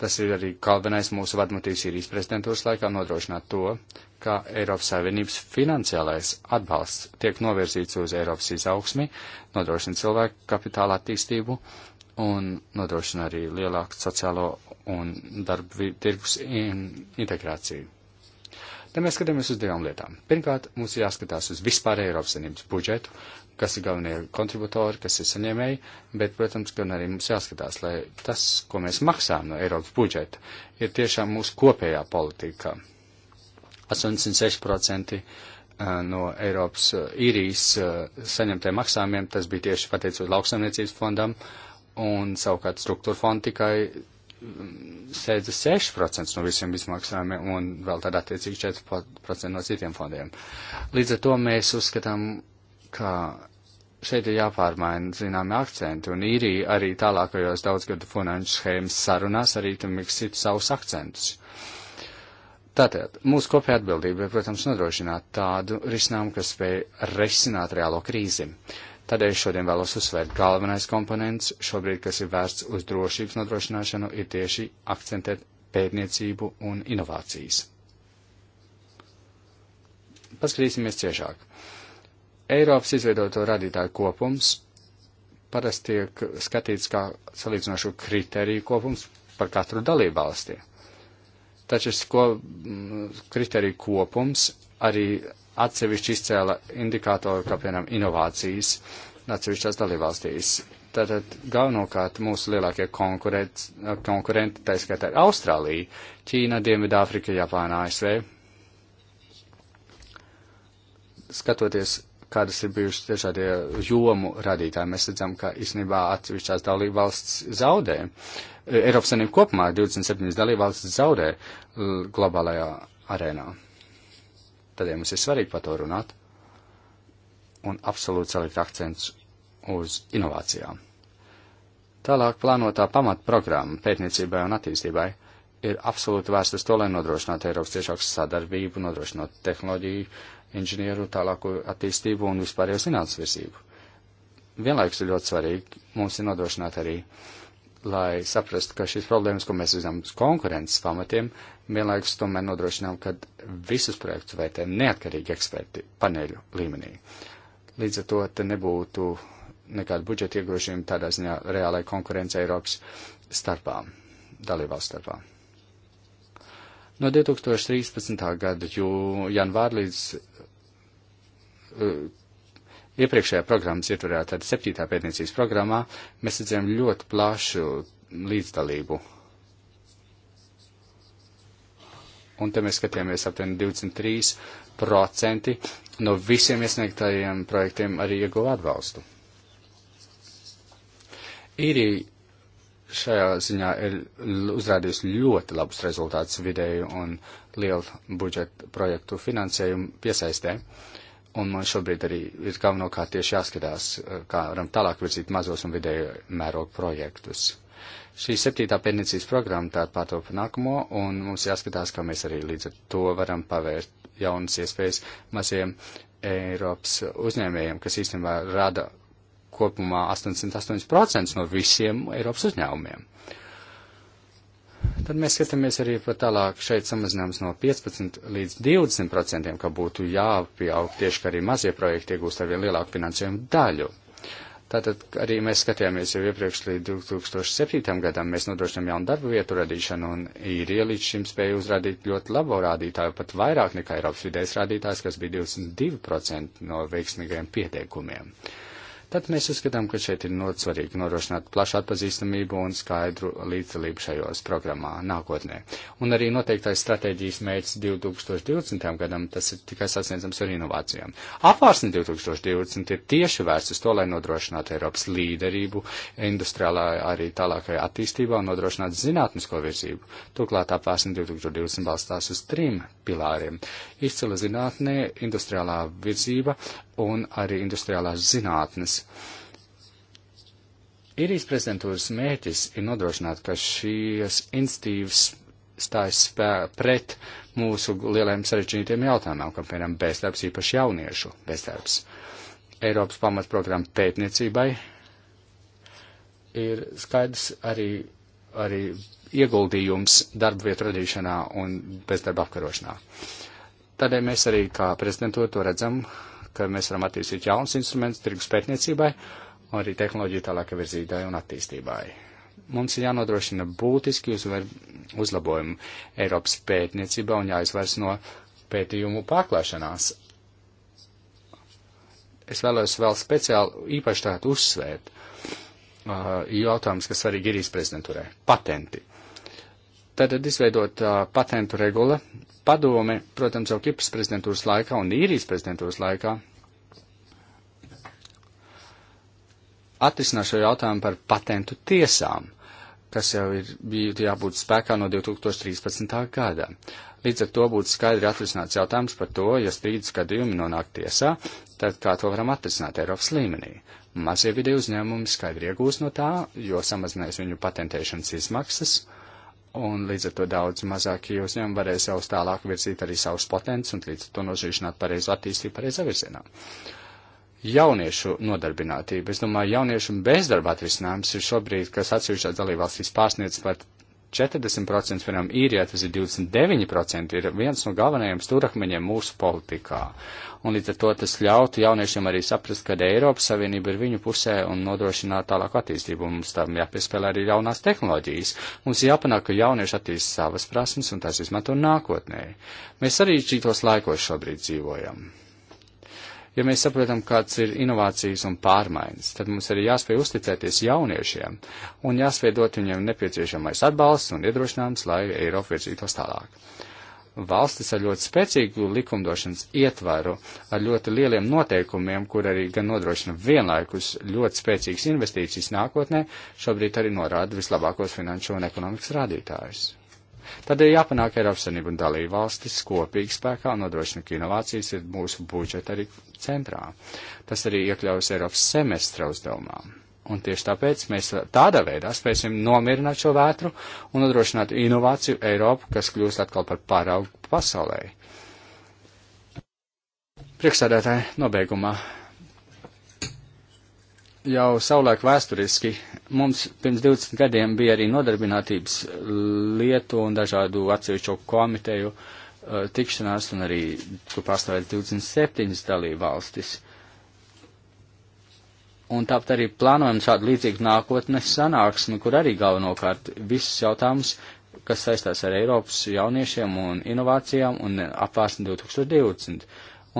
A: Tas ir arī galvenais mūsu vadmotīvs Sīrijas prezidentūras laikā nodrošināt to, ka Eiropas Savienības finansiālais atbalsts tiek novirzīts uz Eiropas izaugsmi, nodrošina cilvēku kapitāla attīstību un nodrošina arī lielāku sociālo un darba tirgus integrāciju. Te mēs skatāmies uz divām lietām. Pirmkārt, mums ir jāskatās uz vispārēju Eiropas Savienības budžetu, kas ir galvenie kontributori, kas ir saņēmēji, bet, protams, gan arī mums jāskatās, lai tas, ko mēs maksājam no Eiropas budžeta, ir tiešām mūsu kopējā politika. 86% eh, no Eiropas eh, īrijas eh, saņemtajiem maksājumiem, tas bija tieši pateicoties lauksaimniecības fondam, un savukārt struktūra fonda tikai 66% no visiem izmaksājumiem un vēl tādā attiecīgi 4% no citiem fondiem. Līdz ar to mēs uzskatām, ka šeit ir jāpārmaina zināmi akcenti, un īrija arī tālākajos daudzgadu finanšu schēmas sarunās arī tam ir citu savus akcentus. Tātad mūsu kopējā atbildība ir, protams, nodrošināt tādu risinājumu, kas spēj risināt reālo krīzi. Uh, Tādēļ šodien vēlos uzsvērt galvenais komponents šobrīd, kas ir vērsts uz drošības nodrošināšanu, ir tieši akcentēt pētniecību un inovācijas. Paskatīsimies ciešāk. Eiropas izveidoto radītāju kopums parasti tiek skatīts kā salīdzinošu kriteriju kopums par katru dalību valsti. Taču šis ko, kriteriju kopums arī atsevišķi izcēla indikātoru, kā piemēram inovācijas atsevišķās dalībvalstīs. Tātad galvenokārt mūsu lielākie konkurenti, tā skaitā ir Austrālija, Ķīna, Dienvidāfrika, Japāna, ASV. Skatoties, kādas ir bijušas dažādie jomu radītāji, mēs redzam, ka īstenībā atsevišķās dalībvalsts zaudē. Eiropas Savienība kopumā 27 dalībvalsts zaudē globālajā arēnā. Tādēļ mums ir svarīgi par to runāt un absolūti salikt akcents uz inovācijām. Tālāk plānotā pamatprogramma pētniecībai un attīstībai ir absolūti vērsta uz to, lai nodrošinātu Eiropas ciešāku sadarbību, nodrošinātu tehnoloģiju, inženieru tālāku attīstību un vispārējo zinātnes virsību. Vienlaikus ir ļoti svarīgi mums ir nodrošināt arī uh, lai saprastu, ka šīs problēmas, ko mēs zinām uz konkurences pamatiem, vienlaikus tomēr nodrošinām, ka visus projektus vērtē neatkarīgi eksperti paneļu līmenī. Līdz ar to te nebūtu nekāda budžeta iegrožījuma tādā ziņā reālai konkurence Eiropas starpā, dalībvalstu starpā. No 2013. gada janvāra līdz eh, Iepriekšējā programmas ietvarā, tad septītā pētniecības programmā, mēs redzējām ļoti plašu līdzdalību. Un te mēs skatījāmies aptuveni 23% no visiem iesniegtajiem projektiem arī ieguva atbalstu. Īrija šajā ziņā ir uzrādījusi ļoti labus rezultātus vidēju un lielu budžetu projektu finansējumu piesaistē. Uh, Un man šobrīd arī ir galvenokārt tieši jāskatās, eh, kā varam tālāk virzīt mazos un vidēju mērogu projektus. Šī septītā pētniecības programma tā pārtopa nākamo, un mums jāskatās, kā mēs arī līdz ar to varam pavērt jaunas iespējas maziem Eiropas uzņēmējiem, kas īstenībā rada kopumā 88% no visiem Eiropas uzņēmumiem. Uh, Tad mēs skatāmies arī pat tālāk šeit samazinājums no 15 līdz 20 procentiem, ka būtu jāpieaug tieši, ka arī mazie projekti iegūst arvien lielāku finansējumu daļu. Tātad arī mēs skatījāmies jau iepriekš līdz 2007. gadam, mēs nodrošinām jaunu darbu vietu radīšanu un īrija līdz šim spēja uzrādīt ļoti labo rādītāju, pat vairāk nekā Eiropas vidējais rādītājs, kas bija 22% no veiksmīgajiem pieteikumiem. Uh, Tad mēs uzskatām, ka šeit ir ļoti svarīgi norošināt plašu atpazīstamību un skaidru līdzdalību šajos programmā nākotnē. Un arī noteiktais stratēģijas mērķis 2020. gadam, tas ir tikai sasniedzams ar inovācijām. Apvārsni 2020 ir tieši vērsts uz to, lai nodrošinātu Eiropas līderību industriālā arī tālākajā attīstībā un nodrošinātu zinātnisko virzību. Turklāt apvārsni 2020 balstās uz trim pilāriem - izcila zinātnē, industriālā virzība un arī industriālās zinātnes Irijas prezidentūras mērķis ir nodrošināt, ka šīs institīvas stājas pret mūsu lielajiem sarežģītiem jautājumiem, kā piemēram bezdarbs, īpaši jauniešu bezdarbs. Eiropas pamatprogramma pētniecībai ir skaidrs arī, arī ieguldījums darba vietu radīšanā un bezdarba apkarošanā. Tādēļ mēs arī kā prezidentūra to redzam ka mēs varam attīstīt jaunus instrumentus tirgus pētniecībai un arī tehnoloģiju tālākai virzībai un attīstībai. Mums ir jānodrošina būtiski uzlabojumi Eiropas pētniecībā un jāizvairs no pētījumu pārklāšanās. Es vēlos vēl speciāli īpaši tādu uzsvērt uh, jautājums, kas svarīgi ir izprezidentūrai - patenti. Tātad izveidot uh, patentu regula. Padome, protams, jau Kipras prezidentūras laikā un īrijas prezidentūras laikā atrisināt šo jautājumu par patentu tiesām, kas jau ir bijusi jābūt spēkā no 2013. gada. Līdz ar to būtu skaidri atrisināts jautājums par to, ja strīdus gadījumi nonāk tiesā, tad kā to varam atrisināt Eiropas līmenī. Mazie video uzņēmumi skaidri iegūs no tā, jo samazinās viņu patentēšanas izmaksas. Uh, un līdz ar to daudz mazākie uzņēmumi varēs jau tālāk virzīt arī savus patents un līdz ar to nožīšanāt pareizu attīstību pareizā virzienā. Jauniešu nodarbinātība, es domāju, jauniešu bezdarba atrisinājums ir šobrīd, kas atsevišķās dalībvalstīs pārsniedz pat 40% vienam īrijā, tas ir 29%, ir viens no galvenajiem stūrakmeņiem mūsu politikā. Un līdz ar to tas ļautu jauniešiem arī saprast, ka Eiropas Savienība ir viņu pusē un nodrošināt tālāku attīstību. Mums tam jāpiespēlē arī jaunās tehnoloģijas. Mums jāpanāk, ka jaunieši attīst savas prasmes un tās izmanto nākotnē. Mēs arī šītos laikos šobrīd dzīvojam. Ja mēs saprotam, kāds ir inovācijas un pārmaiņas, tad mums arī jāspēj uzticēties jauniešiem un jāspēj dot viņiem nepieciešamais atbalsts un iedrošinājums, lai Eiropa virzītos tālāk. Valstis ar ļoti spēcīgu likumdošanas ietvaru, ar ļoti lieliem noteikumiem, kur arī gan nodrošina vienlaikus ļoti spēcīgas investīcijas nākotnē, šobrīd arī norāda vislabākos finanšu un ekonomikas rādītājus. Tad ir jāpanāk Eiropas Savienība un dalība valstis kopīgi spēkā un nodrošina, ka inovācijas ir mūsu budžeta arī centrā. Tas arī iekļaus Eiropas semestra uzdevumā. Un tieši tāpēc mēs tādā veidā spēsim nomierināt šo vētru un nodrošināt inovāciju Eiropu, kas kļūst atkal par pāraugu pasaulē. Priekšsādātāji, nobeigumā jau savulaik vēsturiski mums pirms 20 gadiem bija arī nodarbinātības lietu un dažādu atsevišķo komiteju uh, tikšanās un arī, kur pastāvēs 27 dalību valstis. Un tāpat arī plānojam šādu līdzīgu nākotnes sanāksmi, kur arī galvenokārt visus jautājumus, kas saistās ar Eiropas jauniešiem un inovācijām un apvārsni 2020.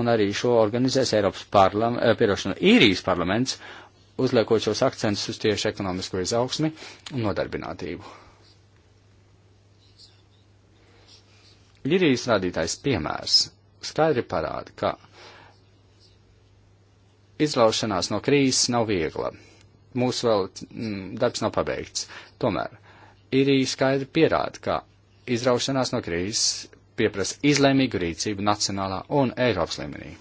A: Un arī šo organizēs Eiropas parlament, eh, pierošana īrijas parlaments, uh, uzliekot šos akcentus uz tieši ekonomisko izaugsmi un nodarbinātību. Irijas rādītājs piemērs skaidri parāda, ka izraušanās no krīzes nav viegla. Mūsu vēl mm, darbs nav pabeigts. Tomēr Irija skaidri pierāda, ka izraušanās no krīzes pieprasa izlēmīgu rīcību nacionālā un Eiropas līmenī.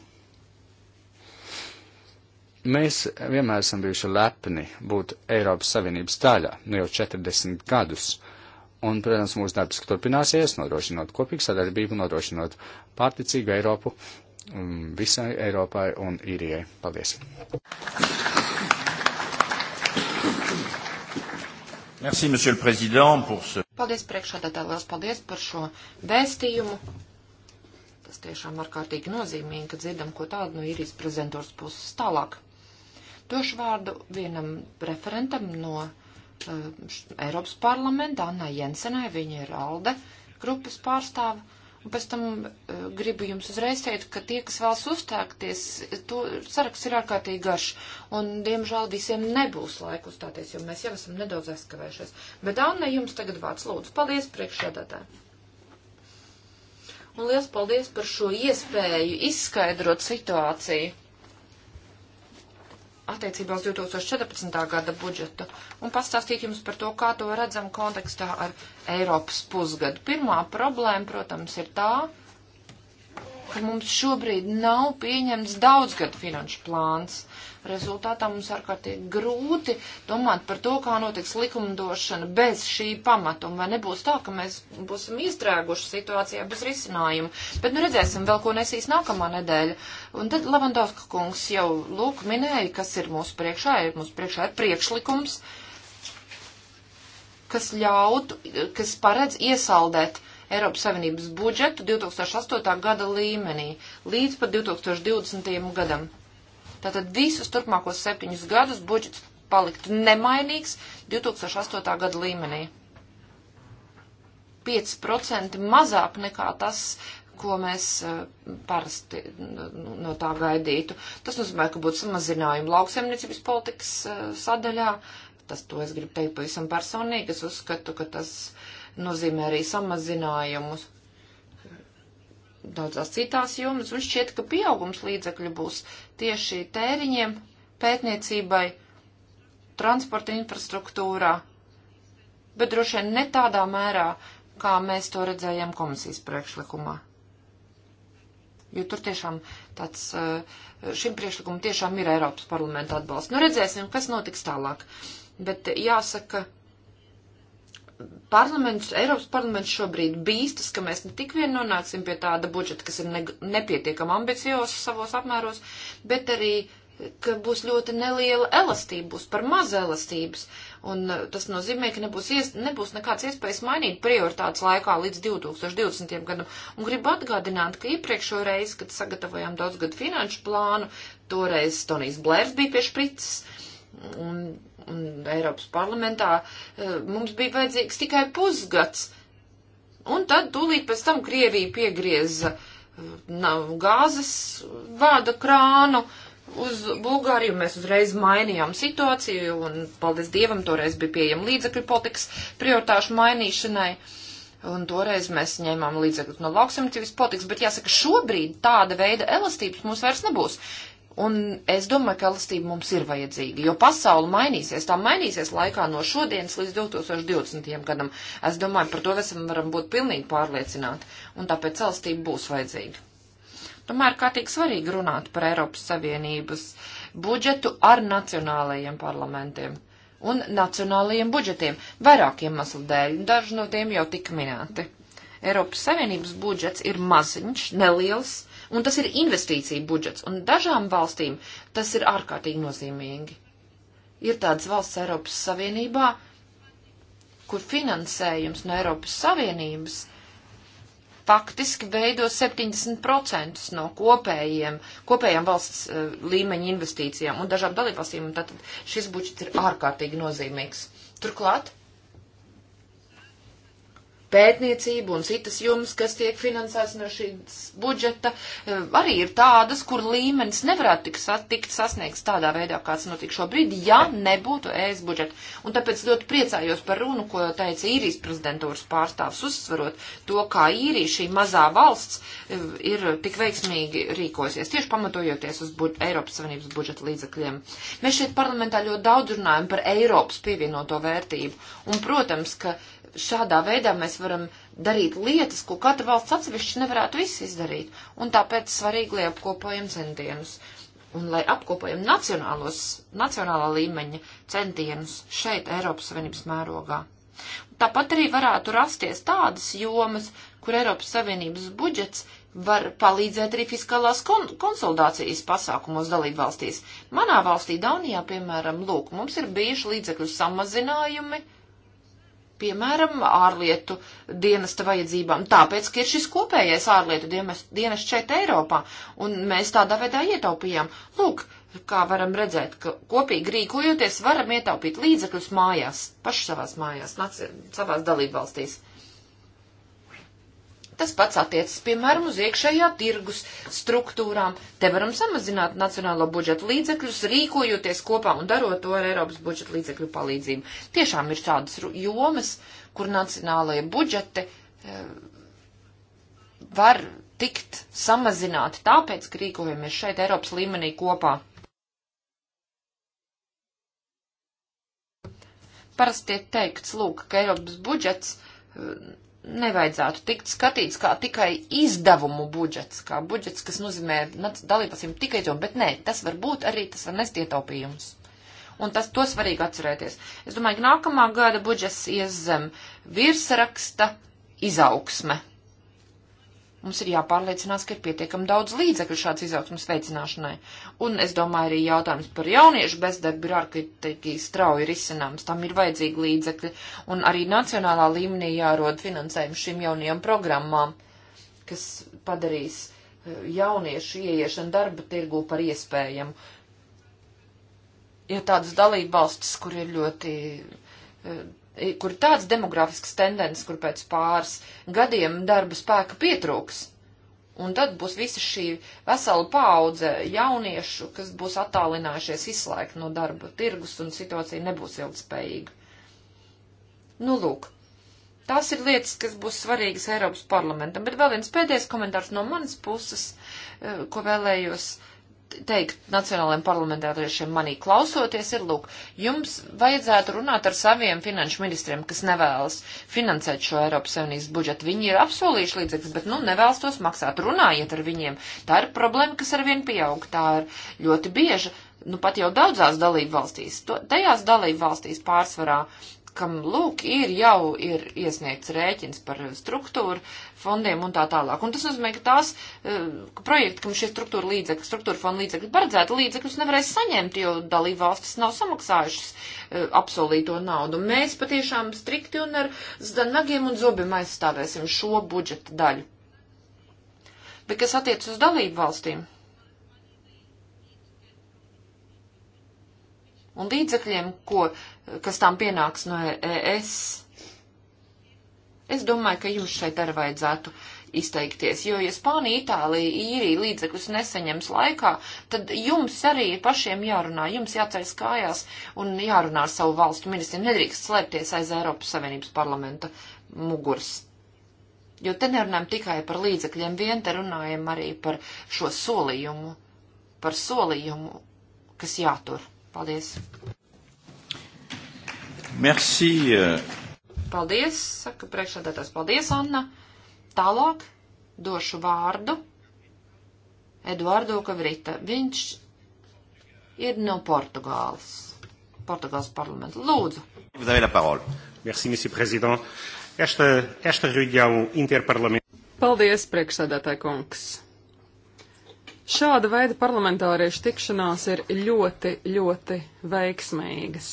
A: Mēs vienmēr esam bijuši lepni būt Eiropas Savienības daļa, nu jau 40 gadus. Un, protams, mūsu darbs turpināsies, nodrošinot kopīgu sadarbību, nodrošinot pārticīgu Eiropu mm, visai Eiropai un īrijai. Paldies! Merci,
B: monsieur le président, pour ce...
D: Paldies, priekšādātā, liels paldies par šo vēstījumu. Tas tiešām ārkārtīgi nozīmīgi, ka dzirdam, ko tādu no īrijas prezidentūras puses tālāk. Došu vārdu vienam referentam no uh, Eiropas parlamenta, Annai Jensenai, viņa ir Alde grupas pārstāva. Un pēc tam uh, gribu jums uzreiz teikt, ka tie, kas vēlas uzstāties, to saraksts ir ārkārtīgi garš. Un, diemžēl, visiem nebūs laika uzstāties, jo mēs jau esam nedaudz aizskavējušies. Bet, Anna, jums tagad vārds lūdzu. Paldies priekšsēdētāji. Un liels paldies par šo iespēju izskaidrot situāciju attiecībā uz 2014. gada budžetu un pastāstīt jums par to, kā to redzam kontekstā ar Eiropas pusgadu. Pirmā problēma, protams, ir tā, ka mums šobrīd nav pieņemts daudzgadu finanšu plāns. Rezultātā mums ārkārtīgi grūti domāt par to, kā notiks likumdošana bez šī pamata, un vai nebūs tā, ka mēs būsim iestrēguši situācijā bez risinājuma. Bet nu redzēsim vēl, ko nesīs nākamā nedēļa. Un tad Lavandovska kungs jau lūk minēja, kas ir mūsu priekšā, ir mūsu priekšā ir priekšlikums, kas ļautu, kas paredz iesaldēt Eiropas Savienības budžetu 2008. gada līmenī līdz pat 2020. gadam. Tātad visus turpmākos septiņus gadus budžets paliktu nemainīgs 2008. gada līmenī. 5% mazāk nekā tas, ko mēs eh, parasti no tā gaidītu. Tas nozīmē, ka būtu samazinājumi lauksaimniecības politikas eh, sadaļā. Tas to es gribu teikt pavisam personīgi. Es uzskatu, ka tas nozīmē arī samazinājumus daudzās citās jomas, un šķiet, ka pieaugums līdzekļu būs tieši tēriņiem, pētniecībai, transporta infrastruktūrā, bet droši vien ne tādā mērā, kā mēs to redzējām komisijas priekšlikumā. Jo tur tiešām tāds, eh, šim priekšlikumam tiešām ir Eiropas parlamenta atbalsts. Nu redzēsim, kas notiks tālāk. Bet jāsaka, parlaments, Eiropas parlaments šobrīd bīstas, ka mēs ne tik vien nonāksim pie tāda budžeta, kas ir ne, nepietiekam ambiciozi savos apmēros, bet arī, ka būs ļoti neliela elastība, būs par maz elastības. Un uh, tas nozīmē, ka nebūs, ies, nebūs nekāds iespējas mainīt prioritātes laikā līdz 2020. gadam. Un gribu atgādināt, ka iepriekšo reizi, kad sagatavojām daudzgadu finanšu plānu, toreiz Tonijs Blērs bija pie šprices. Un un Eiropas parlamentā e, mums bija vajadzīgs tikai pusgads. Un tad tūlīt pēc tam Krievija piegrieza e, nav, gāzes vāda krānu uz Bulgāriju. Mēs uzreiz mainījām situāciju un, paldies Dievam, toreiz bija pieejama līdzekļu politikas prioritāšu mainīšanai. Un toreiz mēs ņēmām līdzekļus no lauksimtības politikas, bet jāsaka, šobrīd tāda veida elastības mums vairs nebūs. Un es domāju, ka elastība mums ir vajadzīga, jo pasauli mainīsies. Tā mainīsies laikā no šodienas līdz 2020. gadam. Es domāju, par to esam varam būt pilnīgi pārliecināti. Un tāpēc elastība būs vajadzīga. Tomēr kārtīgi svarīgi runāt par Eiropas Savienības budžetu ar nacionālajiem parlamentiem un nacionālajiem budžetiem, vairākiem maslu dēļ, daži no tiem jau tika minēti. Eiropas Savienības budžets ir maziņš, neliels, Un tas ir investīcija budžets. Un dažām valstīm tas ir ārkārtīgi nozīmīgi. Ir tādas valsts Eiropas Savienībā, kur finansējums no Eiropas Savienības faktiski veido 70% no kopējiem, kopējām valsts uh, līmeņa investīcijām un dažām dalībvalstīm, un tātad šis budžets ir ārkārtīgi nozīmīgs. Turklāt pētniecība un citas jums, kas tiek finansēts no šīs budžeta, eh, arī ir tādas, kur līmenis nevarētu tikt, sa tikt sasniegts tādā veidā, kāds notiek šobrīd, ja nebūtu ES budžeta. Un tāpēc ļoti priecājos par runu, ko teica īrijas prezidentūras pārstāvs, uzsverot to, kā īrija šī mazā valsts eh, ir tik veiksmīgi rīkosies, tieši pamatojoties uz budžeta, Eiropas Savienības budžeta līdzakļiem. Mēs šeit parlamentā ļoti daudz runājam par Eiropas pievienoto vērtību. Un, protams, ka uh, šādā veidā mēs varam darīt lietas, ko katra valsts atsevišķi nevarētu viss izdarīt. Un tāpēc svarīgi, lai apkopojam centienus. Un lai apkopojam nacionālos, nacionālā līmeņa centienus šeit, Eiropas Savienības mērogā. Tāpat arī varētu rasties tādas jomas, kur Eiropas Savienības budžets var palīdzēt arī fiskālās kon konsolidācijas pasākumos dalībvalstīs. Manā valstī, Daunijā, piemēram, lūk, mums ir bijuši līdzekļu samazinājumi, uh, piemēram, ārlietu dienesta vajadzībām, tāpēc, ka ir šis kopējais ārlietu dienas šeit Eiropā, un mēs tādā veidā ietaupījām. Lūk, kā varam redzēt, ka kopīgi rīkojoties varam ietaupīt līdzekļus mājās, paši savās mājās, nāc, savās dalībvalstīs. Tas pats attiecas, piemēram, uz iekšējā tirgus struktūrām. Te varam samazināt nacionālo budžetu līdzekļus, rīkojoties kopā un darot to ar Eiropas budžetu līdzekļu palīdzību. Tiešām ir tādas jomas, kur nacionālajie budžeti e, var tikt samazināti tāpēc, ka rīkojamies šeit Eiropas līmenī kopā. Parasti tiek teikts, lūk, ka Eiropas budžets e, nevajadzētu tikt skatīts kā tikai izdevumu budžets, kā budžets, kas nozīmē nu, dalībvalstīm tikai izdevumu, bet nē, tas var būt arī, tas var nest ietaupījumus. Un tas to svarīgi atcerēties. Es domāju, ka nākamā gada budžets ies zem virsraksta izaugsme. Mums ir jāpārliecinās, ka ir pietiekami daudz līdzekļu šāds izaugsmas veicināšanai. Un es domāju, arī jautājums par jauniešu bezdarbu ir ārkārtīgi strauji risināms. Tam ir vajadzīgi līdzekļi. Un arī nacionālā līmenī jārod finansējums šīm jaunajām programmām, kas padarīs e, jauniešu ieiešanu darba tirgu par iespējamu. Ir ja tādas dalībvalstis, kur ir ļoti e, kur tāds demografisks tendence, kur pēc pāris gadiem darba spēka pietrūks. Un tad būs visa šī vesela paudze jauniešu, kas būs attālinājušies izslēgt no darba tirgus, un situācija nebūs ilgspējīga. Nu, lūk, tās ir lietas, kas būs svarīgas Eiropas parlamentam. Bet vēl viens pēdējais komentārs no manas puses, eh, ko vēlējos teikt nacionālajiem parlamentāriešiem manī klausoties, ir, lūk, jums vajadzētu runāt ar saviem finanšu ministriem, kas nevēlas finansēt šo Eiropas Savienības budžetu. Viņi ir apsolījuši līdzekļus, bet, nu, nevēlas tos maksāt. Runājiet ar viņiem. Tā ir problēma, kas arvien pieaug. Tā ir ļoti bieža nu pat jau daudzās dalību valstīs, to, tajās dalību valstīs pārsvarā, kam lūk ir jau ir iesniegts rēķins par struktūru fondiem un tā tālāk. Un tas nozīmē, ka tās ka e, projekti, kam šie struktūra līdzekļi, struktūra fonda līdzekļi paredzēta līdzekļus nevarēs saņemt, jo dalība valstis nav samaksājušas e, apsolīto naudu. Mēs patiešām strikti un ar nagiem un zobiem aizstāvēsim šo budžeta daļu. Bet kas attiec uz dalību valstīm? un līdzekļiem, ko, kas tām pienāks no ES. Es domāju, ka jums šeit arī vajadzētu izteikties, jo, ja Spānija, Itālija, Īrija līdzekļus neseņems laikā, tad jums arī pašiem jārunā, jums jāceļas kājās un jārunā ar savu valstu ministriem, nedrīkst slēpties aiz Eiropas Savienības parlamenta muguras. Jo te nerunājam tikai par līdzekļiem, vien te runājam arī par šo solījumu, par solījumu, kas jātur. Paldies!
B: Merci! Euh.
D: Paldies, saka priekšsēdētājs. Paldies, Anna! Tālāk došu vārdu Eduardo Kavrita. Viņš ir no Portugāles. Portugāles parlamenta. Lūdzu!
A: Vous avez la parole. Merci, monsieur président. Esta, esta reunião interparlamentar.
C: Paldies, priekšsēdētāj kungs. Šāda veida parlamentāriešu tikšanās ir ļoti, ļoti veiksmīgas.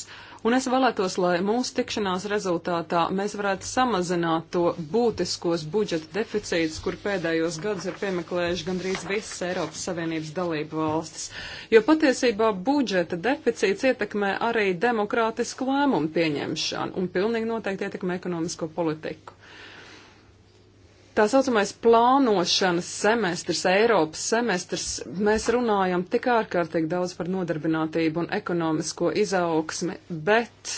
C: Un es vēlētos, lai mūsu tikšanās rezultātā mēs varētu samazināt to būtiskos budžeta deficītus, kur pēdējos gadus ir piemeklējuši gandrīz visas Eiropas Savienības dalību valstis. Jo patiesībā budžeta deficīts ietekmē arī demokrātisku lēmumu pieņemšanu un pilnīgi noteikti ietekmē ekonomisko politiku. Tā saucamais plānošanas semestrs, Eiropas semestrs, mēs runājam tik ārkārtīgi daudz par nodarbinātību un ekonomisko izaugsmi, bet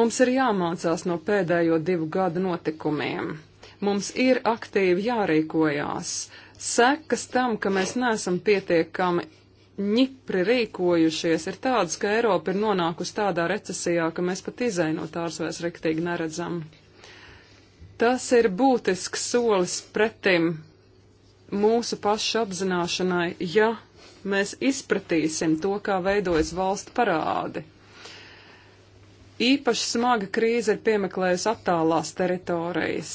C: mums ir jāmācās no pēdējo divu gadu notikumiem. Mums ir aktīvi jārīkojās. Sekas tam, ka mēs neesam pietiekami ņipri rīkojušies, ir tādas, ka Eiropa ir nonākusi tādā recesijā, ka mēs pat izainot ārsvēs riktīgi neredzam. Tas ir būtisks solis pretim mūsu pašu apzināšanai, ja mēs izpratīsim to, kā veidojas valstu parādi. Īpaši smaga krīze ir piemeklējusi attālās teritorijas.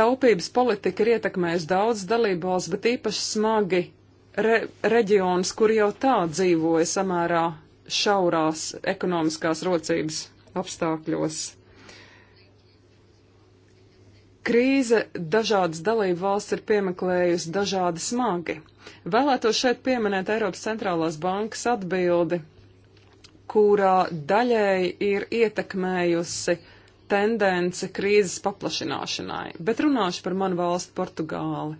C: Taupības politika ir ietekmējusi daudz dalībvalsts, bet īpaši smagi re reģionus, kur jau tā dzīvoja samērā šaurās ekonomiskās rocības apstākļos. Krīze dažādas dalību valsts ir piemeklējusi dažādi smagi. Vēlētos šeit pieminēt Eiropas centrālās bankas atbildi, kurā daļēji ir ietekmējusi tendence krīzes paplašināšanai, bet runāšu par manu valstu Portugāli.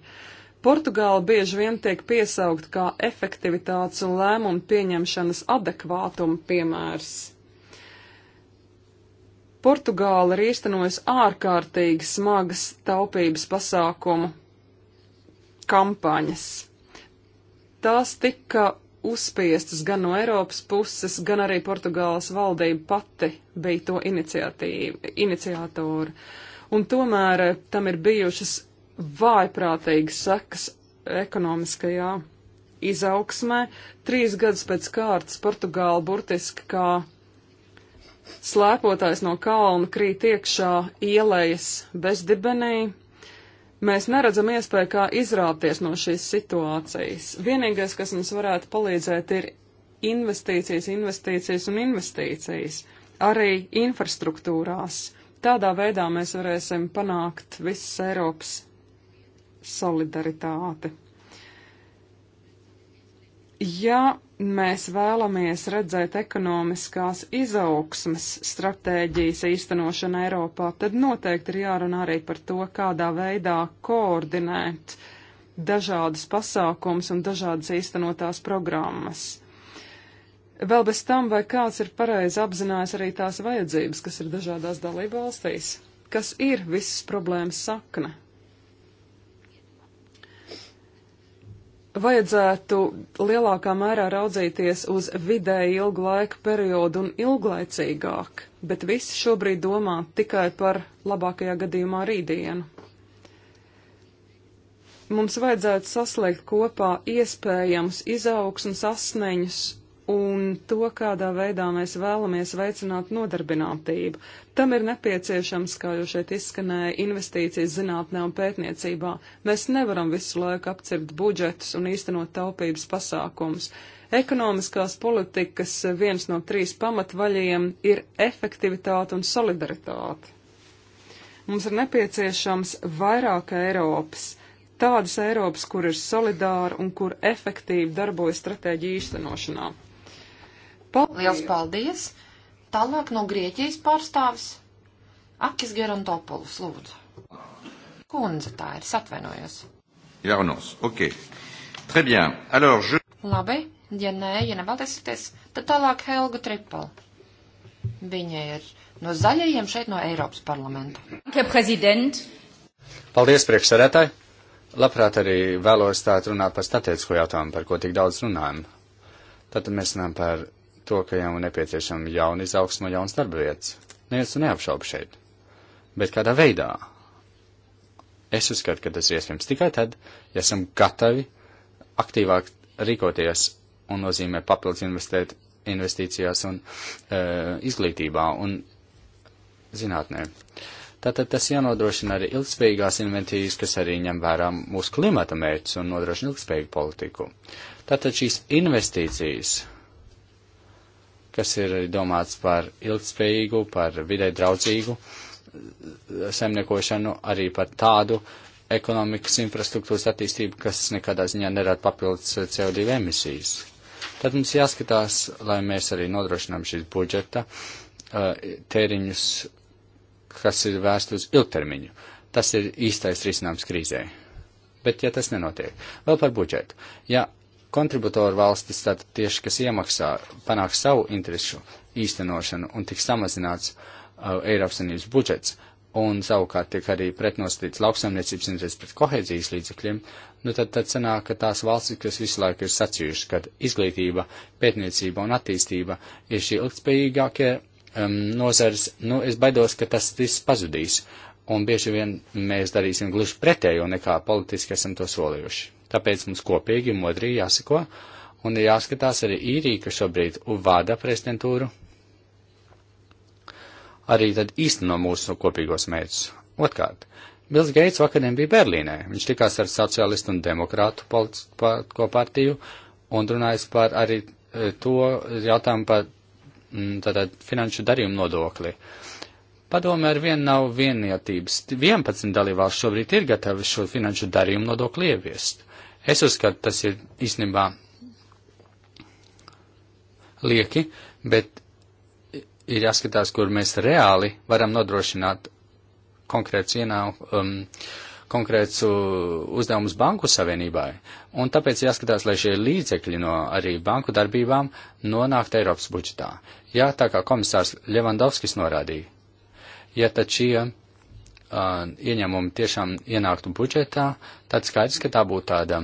C: Portugāla bieži vien tiek piesaukt kā efektivitātes un lēmumu pieņemšanas adekvātuma piemērs. Portugāla ir īstenojusi ārkārtīgi smagas taupības pasākumu kampaņas. Tās tika uzspiestas gan no Eiropas puses, gan arī Portugāles valdība pati bija to iniciatori. Un tomēr eh, tam ir bijušas vājprātīgas sekas ekonomiskajā izaugsmē. Trīs gadus pēc kārtas Portugāla burtiski kā slēpotais no kalna krīt iekšā ielējas bezdibenī. Mēs neredzam iespēju, kā izrāpties no šīs situācijas. Vienīgais, kas mums varētu palīdzēt, ir investīcijas, investīcijas un investīcijas, arī infrastruktūrās. Tādā veidā mēs varēsim panākt visas Eiropas solidaritāti. Ja mēs vēlamies redzēt ekonomiskās izaugsmas stratēģijas īstenošanu Eiropā, tad noteikti ir jārunā arī par to, kādā veidā koordinēt dažādas pasākums un dažādas īstenotās programmas. Vēl bez tam, vai kāds ir pareizi apzinājis arī tās vajadzības, kas ir dažādās dalībvalstīs, kas ir visas problēmas sakne. vajadzētu lielākā mērā raudzīties uz vidēji ilgu laika periodu un ilglaicīgāk, bet visi šobrīd domā tikai par labākajā gadījumā rītdienu. Mums vajadzētu saslēgt kopā iespējams izaugsmas asneņus un to, kādā veidā mēs vēlamies veicināt nodarbinātību. Tam ir nepieciešams, kā jau šeit izskanēja, investīcijas zinātnē un pētniecībā. Mēs nevaram visu laiku apcirkt budžetus un īstenot taupības pasākums. Ekonomiskās politikas viens no trīs pamatvaļiem ir efektivitāte un solidaritāte. Mums ir nepieciešams vairāk Eiropas, tādas Eiropas, kur ir solidāra un kur efektīvi darbojas stratēģija īstenošanā. Paldies. Liels paldies!
D: Tālāk no Grieķijas pārstāvis Akis Gerontopulus, lūdzu. Kundze tā ir, atvainojos.
A: Jaunos, ok. Très bien. Alors, je...
D: Labi, ja nē, ja nevēlaties, tad tālāk Helga Tripel. Viņa ir no zaļajiem šeit no Eiropas parlamenta.
A: Paldies, priekšsēdētāji! Labprāt arī vēlos tātad runāt par statistisko jautājumu, par ko tik daudz runājam. Tātad mēs runājam par to, ka jau nepieciešama jauna izaugsma, jauns darba vietas. Neviens to neapšauba šeit. Bet kādā veidā? Es uzskatu, ka tas ir iespējams tikai tad, ja esam gatavi aktīvāk rīkoties un nozīmē papildus investēt investīcijās un e, izglītībā un zinātnē. Tātad tas jānodrošina arī ilgspējīgās inventīvas, kas arī ņem vērā mūsu klimata mērķus un nodrošina ilgspējīgu politiku. Tātad šīs investīcijas kas ir domāts par ilgspējīgu, par vidē draudzīgu eh, saimniekošanu, arī par tādu ekonomikas infrastruktūras attīstību, kas nekādā ziņā nerada papildus CO2 emisijas. Tad mums jāskatās, lai mēs arī nodrošinām šīs budžeta eh, tēriņus, kas ir vērsti uz ilgtermiņu. Tas ir īstais risinājums krīzē. Bet, ja tas nenotiek, vēl par budžetu. Ja kontributoru valstis, tad tieši, kas iemaksā, panāks savu interesu īstenošanu un tiks samazināts uh, Eiropas Savienības budžets, un savukārt tiek arī pretnostīts lauksaimniecības intereses pret kohēzijas līdzekļiem, nu tad, tad sanāk, ka tās valstis, kas visu laiku ir sacījušas, ka izglītība, pētniecība un attīstība ir šī ilgspējīgākie um, nozars, nu es baidos, ka tas viss pazudīs, un bieži vien mēs darīsim gluži pretējo nekā politiski esam to solījuši. Tāpēc mums kopīgi modrī jāsako un ir jāskatās arī īrija, kas šobrīd vada prezidentūru. Arī tad īsteno mūsu kopīgos mērķus. Otkārt, Bils Geits vakariem bija Berlīnē. Viņš tikās ar sociālistu un demokrātu politisko partiju un runājis par arī e, to jautājumu par mm, tātad finanšu darījumu nodokli. Padome ar vienu nav vienotības. 11 dalībvalsts šobrīd ir gatavi šo finanšu darījumu nodokli ieviest. Es uzskatu, tas ir īstenībā lieki, bet ir jāskatās, kur mēs reāli varam nodrošināt konkrēts ienākumu. Um, konkrēts uzdevums banku savienībai. Un tāpēc jāskatās, lai šie līdzekļi no arī banku darbībām nonāktu Eiropas budžetā. Jā, tā kā komisārs Levandovskis norādīja. Ja tad šie ieņēmumi tiešām ienāktu budžetā, tad skaidrs, ka tā būtu tāda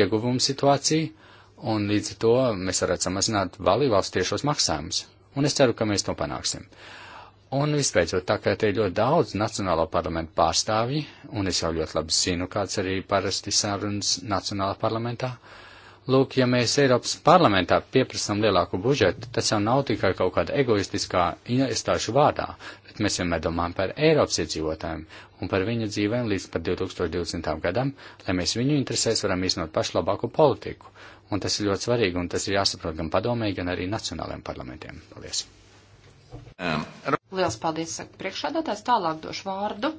A: ieguvuma situācija, un līdz ar to mēs varētu samazināt valībvalstu tiešos maksājumus. Un es ceru, ka mēs to panāksim. Un vispēcot, tā kā te ir ļoti daudz Nacionālo parlamentu pārstāvji, un es jau ļoti labi zinu, kāds arī parasti sarunas Nacionālā parlamentā, lūk, ja mēs Eiropas parlamentā pieprasam lielāku budžetu, tas jau nav tikai kaut kāda egoistiskā iestāšu vārdā bet mēs vienmēr domājam par Eiropas iedzīvotājiem un par viņu dzīvēm līdz pat 2020. gadam, lai mēs viņu interesēs varam iznot pašlabāko politiku. Un tas ir ļoti svarīgi, un tas ir jāsaprot gan padomē, gan arī nacionālajiem parlamentiem. Paldies! Um,
D: Liels paldies, saka priekšādātājs. Tālāk došu vārdu.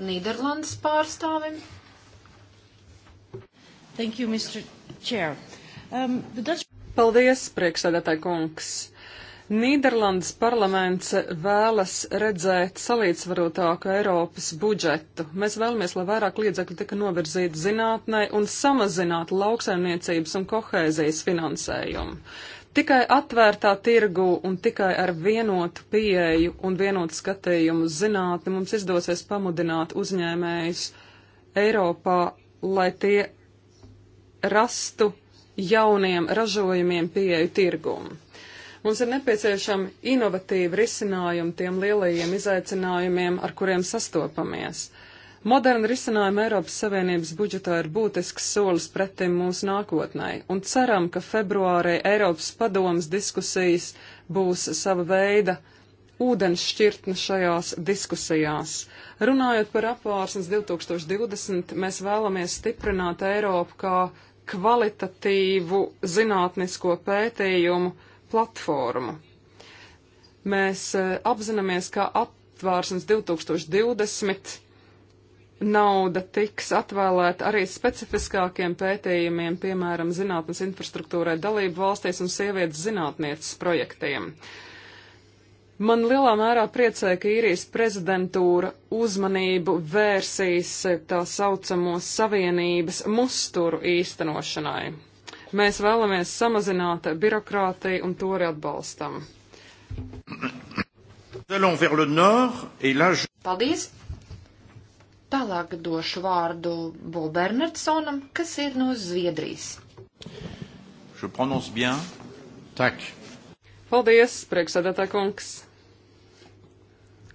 D: Nīderlandes pārstāvim.
C: Thank you, Mr. Chair. Um, the Dutch... Paldies, priekšsēdētāji kungs! Nīderlandes parlaments vēlas redzēt salīdzvarotāku Eiropas budžetu. Mēs vēlamies, lai vairāk līdzekļu tika novirzīti zinātnē un samazinātu lauksaimniecības un kohēzijas finansējumu. Tikai atvērtā tirgu un tikai ar vienotu pieeju un vienotu skatījumu uz zinātni mums izdosies pamudināt uzņēmējus Eiropā, lai tie rastu jauniem ražojumiem pieeju tirgumu. Mums ir nepieciešami inovatīvi risinājumi tiem lielajiem izaicinājumiem, ar kuriem sastopamies. Moderna risinājuma Eiropas Savienības budžetā ir būtisks solis pretim mūsu nākotnē, un ceram, ka februārī Eiropas padomas diskusijas būs sava veida ūdens šķirtne šajās diskusijās. Runājot par apvārsnes 2020, mēs vēlamies stiprināt Eiropu kā kvalitatīvu zinātnisko pētījumu platformu. Mēs e, apzināmies, ka aptvērsnes 2020 nauda tiks atvēlēta arī specifiskākiem pētījumiem, piemēram, zinātnes infrastruktūrai dalību valstīs un sievietes zinātnieces projektiem. Uh, Man lielā mērā priecē, ka īrijas prezidentūra uzmanību vērsīs tā saucamos savienības musturu īstenošanai. Mēs vēlamies samazināt birokrātiju un to arī atbalstam. Paldies! Tālāk
D: došu vārdu Bobernertsonam, kas ir no Zviedrijas.
B: Je prononce bien. Tak.
C: Paldies, priekšsēdētā kungs.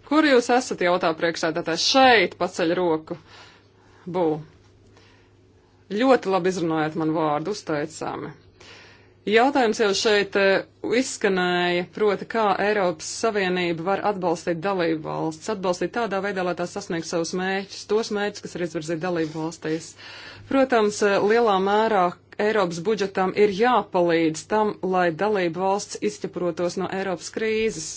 C: Kur jūs esat, jautā priekšsēdētājs? Šeit paceļ roku. Bū. Ļoti labi izrunājat man vārdu, uzteicami. Jautājums jau šeit eh, izskanēja, proti, kā Eiropas Savienība var atbalstīt dalību valsts, atbalstīt tādā veidā, lai tās sasniegtu savus mēķus, tos mēķus, kas ir izvirzīti dalību valstīs. Protams, eh, lielā mērā Eiropas budžetam ir jāpalīdz tam, lai dalību valsts izķeprotos no Eiropas krīzes.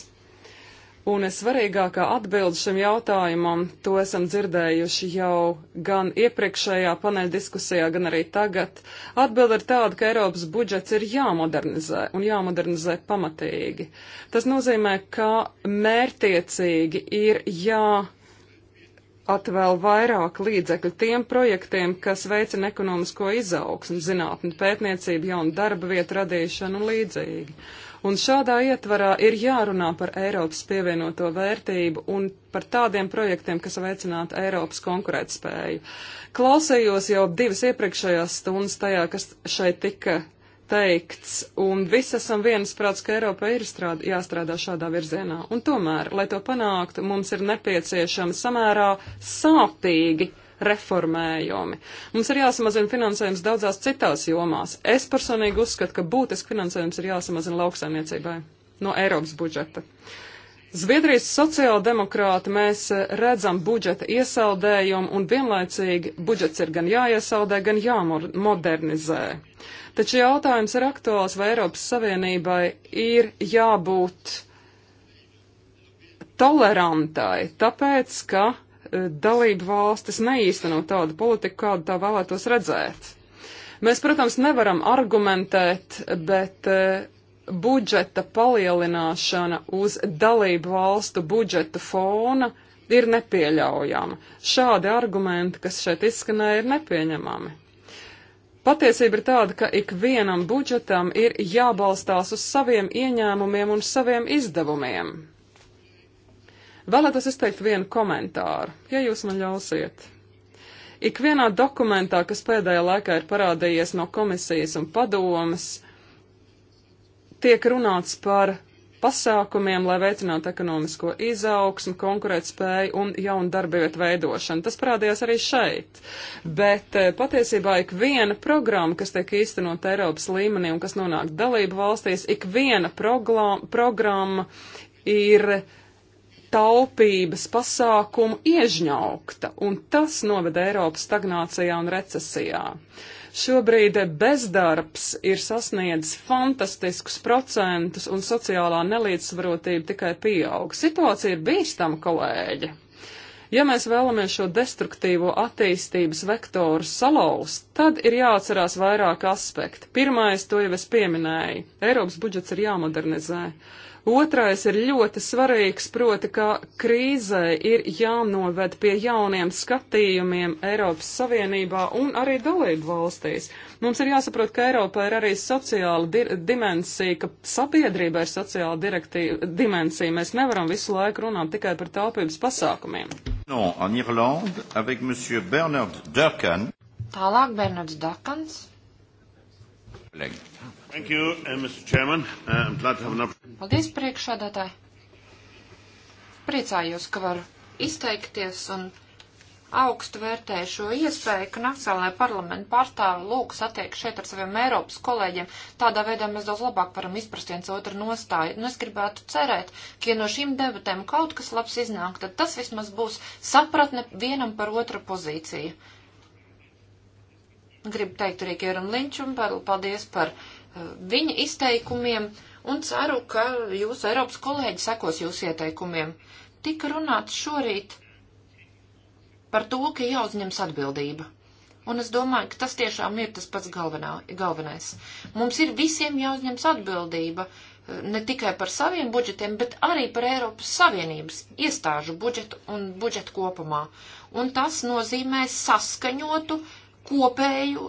C: Un svarīgākā atbilde šim jautājumam, to esam dzirdējuši jau gan iepriekšējā paneļdiskusijā, gan arī tagad. Atbilde ir tāda, ka Eiropas budžets ir jāmodernizē un jāmodernizē pamatīgi. Tas nozīmē, ka mērtiecīgi ir jā atvēl vairāk līdzekļu tiem projektiem, kas veicina ekonomisko izaugsmu, zinātni, pētniecību, jaunu darba vietu radīšanu un līdzīgi. Uh, Un šādā ietvarā ir jārunā par Eiropas pievienoto vērtību un par tādiem projektiem, kas veicinātu Eiropas konkurētspēju. Klausējos jau divas iepriekšējās stundas tajā, kas šeit tika teikts, un visi esam viensprāts, ka Eiropa ir strād, jāstrādā šādā virzienā. Un tomēr, lai to panāktu, mums ir nepieciešama samērā sāpīgi reformējumi. Mums ir jāsamazina finansējums daudzās citās jomās. Es personīgi uzskatu, ka būtiski finansējums ir jāsamazina lauksaimniecībai no Eiropas budžeta. Zviedrijas sociāldemokrāti mēs eh, redzam budžeta iesaldējumu un vienlaicīgi budžets ir gan jāiesaldē, gan jāmodernizē. Taču jautājums ir aktuāls, vai Eiropas Savienībai ir jābūt tolerantai, tāpēc, ka E, dalību valstis neīsteno tādu politiku, kādu tā vēlētos redzēt. Mēs, protams, nevaram argumentēt, bet e, budžeta palielināšana uz dalību valstu budžeta fona ir nepieļaujama. Šādi argumenti, kas šeit izskanēja, ir nepieņemami. Patiesība ir tāda, ka ikvienam budžetam ir jābalstās uz saviem ieņēmumiem un saviem izdevumiem. Vēlētos izteikt vienu komentāru, ja jūs man ļausiet. Ikvienā dokumentā, kas pēdējā laikā ir parādījies no komisijas un padomas, tiek runāts par pasākumiem, lai veicinātu ekonomisko izaugsmu, konkurētspēju un jaunu darbvietu veidošanu. Tas parādījās arī šeit. Bet eh, patiesībā ik viena programma, kas tiek īstenot Eiropas līmenī un kas nonāk dalību valstīs, ik viena progla, programma ir taupības pasākumu iežņaukta, un tas noveda Eiropas stagnācijā un recesijā. Šobrīd bezdarbs ir sasniedzis fantastiskus procentus, un sociālā nelīdzsvarotība tikai pieaug. Situācija ir bīstama, kolēģi! Ja mēs vēlamies šo destruktīvo attīstības vektoru salauzt, tad ir jāatcerās vairāk aspekti. Pirmais, to jau es pieminēju, Eiropas budžets ir jāmodernizē. Uh, Otrais ir ļoti svarīgs, proti, ka krīzē ir jānoved pie jauniem skatījumiem Eiropas Savienībā un arī dalību valstīs. Mums ir jāsaprot, ka Eiropā ir arī sociāla di dimensija, ka sabiedrība ir sociāla dimensija. Mēs nevaram visu laiku runāt tikai par taupības pasākumiem.
B: No, Irlande, Bernard
D: Tālāk Bernards Dakans.
B: Leng. Thank you, uh, Mr. Chairman. Uh, I'm glad to have an opportunity.
D: Paldies, priekšādātāji. Priecājos, ka varu izteikties un augstu vērtēju šo iespēju, ka Nacionālajā parlamenta pārstāvi lūk satiek šeit ar saviem Eiropas kolēģiem. Tādā veidā mēs daudz labāk varam izprast viens otru nostāju. Un es gribētu cerēt, ka ja no šīm debatēm kaut kas labs iznāk, tad tas vismaz būs sapratne vienam par otru pozīciju. Gribu teikt arī Kieram Linčum, paldies par. Uh, viņa izteikumiem un ceru, ka jūsu Eiropas kolēģi sekos jūsu ieteikumiem. Tika runāts šorīt par to, ka jāuzņems atbildība. Un es domāju, ka tas tiešām ir tas pats galvenā, galvenais. Mums ir visiem jāuzņems atbildība ne tikai par saviem budžetiem, bet arī par Eiropas Savienības iestāžu budžetu un budžetu kopumā. Un tas nozīmē saskaņotu kopēju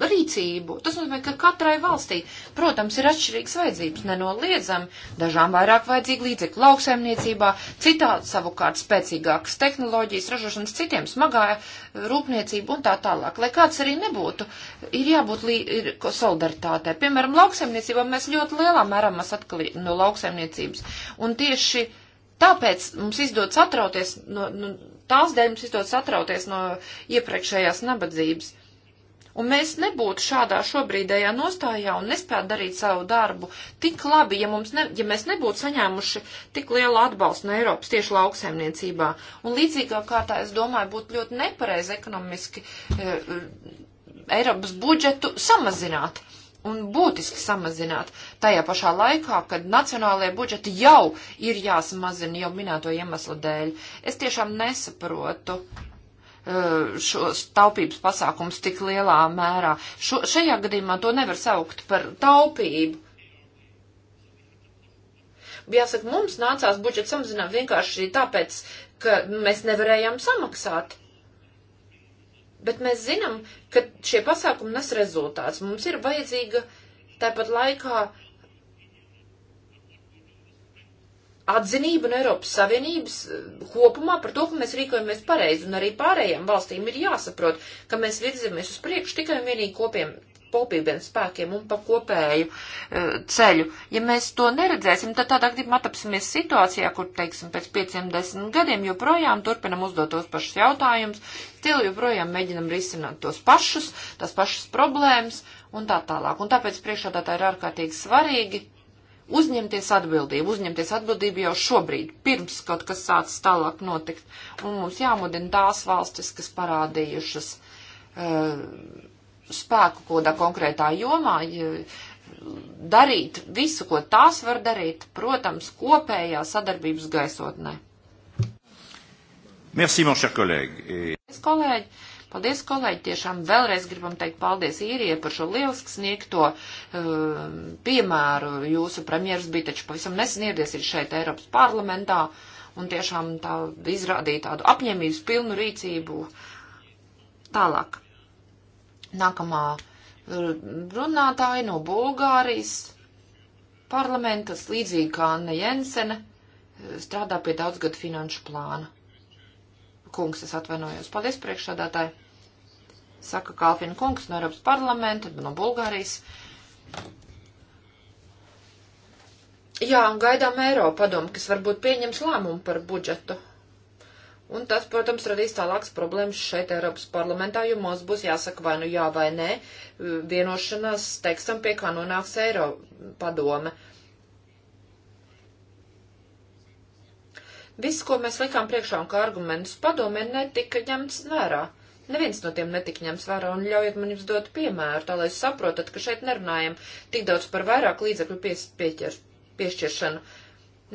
D: rīcību. Tas nozīmē, ka katrai valstī, protams, ir atšķirīgas vajadzības, nenoliedzami. Dažām vairāk vajadzīgi līdzekļi lauksaimniecībā, citā savukārt spēcīgākas tehnoloģijas, ražošanas citiem smagā eh, rūpniecība un tā tālāk. Lai kāds arī nebūtu, ir jābūt lī, ir solidaritātē. Piemēram, lauksaimniecībā mēs ļoti lielā mērā mēs atkal no lauksaimniecības. Un tieši tāpēc mums izdodas atrauties no. no nu, Tās dēļ mums izdodas atrauties no iepriekšējās nabadzības un mēs nebūtu šādā šobrīdējā nostājā un nespētu darīt savu darbu tik labi, ja, ne, ja mēs nebūtu saņēmuši tik lielu atbalstu no Eiropas tieši lauksaimniecībā. Un līdzīgā kārtā, es domāju, būtu ļoti nepareizi ekonomiski e, e, Eiropas budžetu samazināt un būtiski samazināt. Tajā pašā laikā, kad nacionālajie budžeti jau ir jāsamazina jau minēto iemeslu dēļ, es tiešām nesaprotu, Eh, šos taupības pasākums tik lielā mērā. Šo, šajā gadījumā to nevar saukt par taupību. Jāsaka, mums nācās budžets samazināt vienkārši tāpēc, ka mēs nevarējām samaksāt. Bet mēs zinām, ka šie pasākumi nes rezultāts. Mums ir vajadzīga tāpat laikā atzinību no Eiropas Savienības eh, kopumā par to, ka mēs rīkojamies pareizi, un arī pārējām valstīm ir jāsaprot, ka mēs virzamies uz priekšu tikai un vienīgi kopiem kopīgiem spēkiem un pa kopēju uh, ceļu. Ja mēs to neredzēsim, tad tādā gadījumā atapsimies situācijā, kur, teiksim, pēc pieciem desmit gadiem joprojām turpinam uzdot tos pašus jautājumus, stilu joprojām mēģinam risināt tos pašus, tās pašas problēmas un tā tālāk. Un tāpēc priekšādātāji ir ārkārtīgi svarīgi uzņemties atbildību, uzņemties atbildību jau šobrīd, pirms kaut kas sāc tālāk notikt. Un mums jāmudina tās valstis, kas parādījušas uh, spēku kodā konkrētā jomā, darīt visu, ko tās var darīt, protams, kopējā sadarbības gaisotnē.
A: Merci, mon cher collègue. Et...
D: Es kolēģi, Paldies, kolēģi, tiešām vēlreiz gribam teikt paldies īrijai par šo lieliski sniegto uh, piemēru. Jūsu premjeras bija taču pavisam nesen iediesīt šeit Eiropas parlamentā un tiešām tā izrādīja tādu apņēmības pilnu rīcību. Tālāk. Nākamā uh, runātāja no Bulgārijas parlamentas, līdzīgi kā Anna Jensene, uh, strādā pie daudzgadu finanšu plāna kungs, es atvainojos. Paldies, priekšsādātāji. Saka Kalfina kungs no Eiropas parlamenta, no Bulgārijas. Jā, un gaidām Eiropa padomu, kas varbūt pieņems lēmumu par budžetu. Un tas, protams, radīs tālākas problēmas šeit Eiropas parlamentā, jo mums būs jāsaka vai nu jā vai nē vienošanās tekstam, pie kā nonāks Eiropa padome. Uh, Viss, ko mēs likām priekšā un kā argumentus padomē, netika ņemts vērā. Neviens no tiem netika ņemts vērā, un ļaujiet man jums dot piemēru, tā lai saprotat, ka šeit nerunājam tik daudz par vairāk līdzekļu pies, pieķer, piešķiršanu.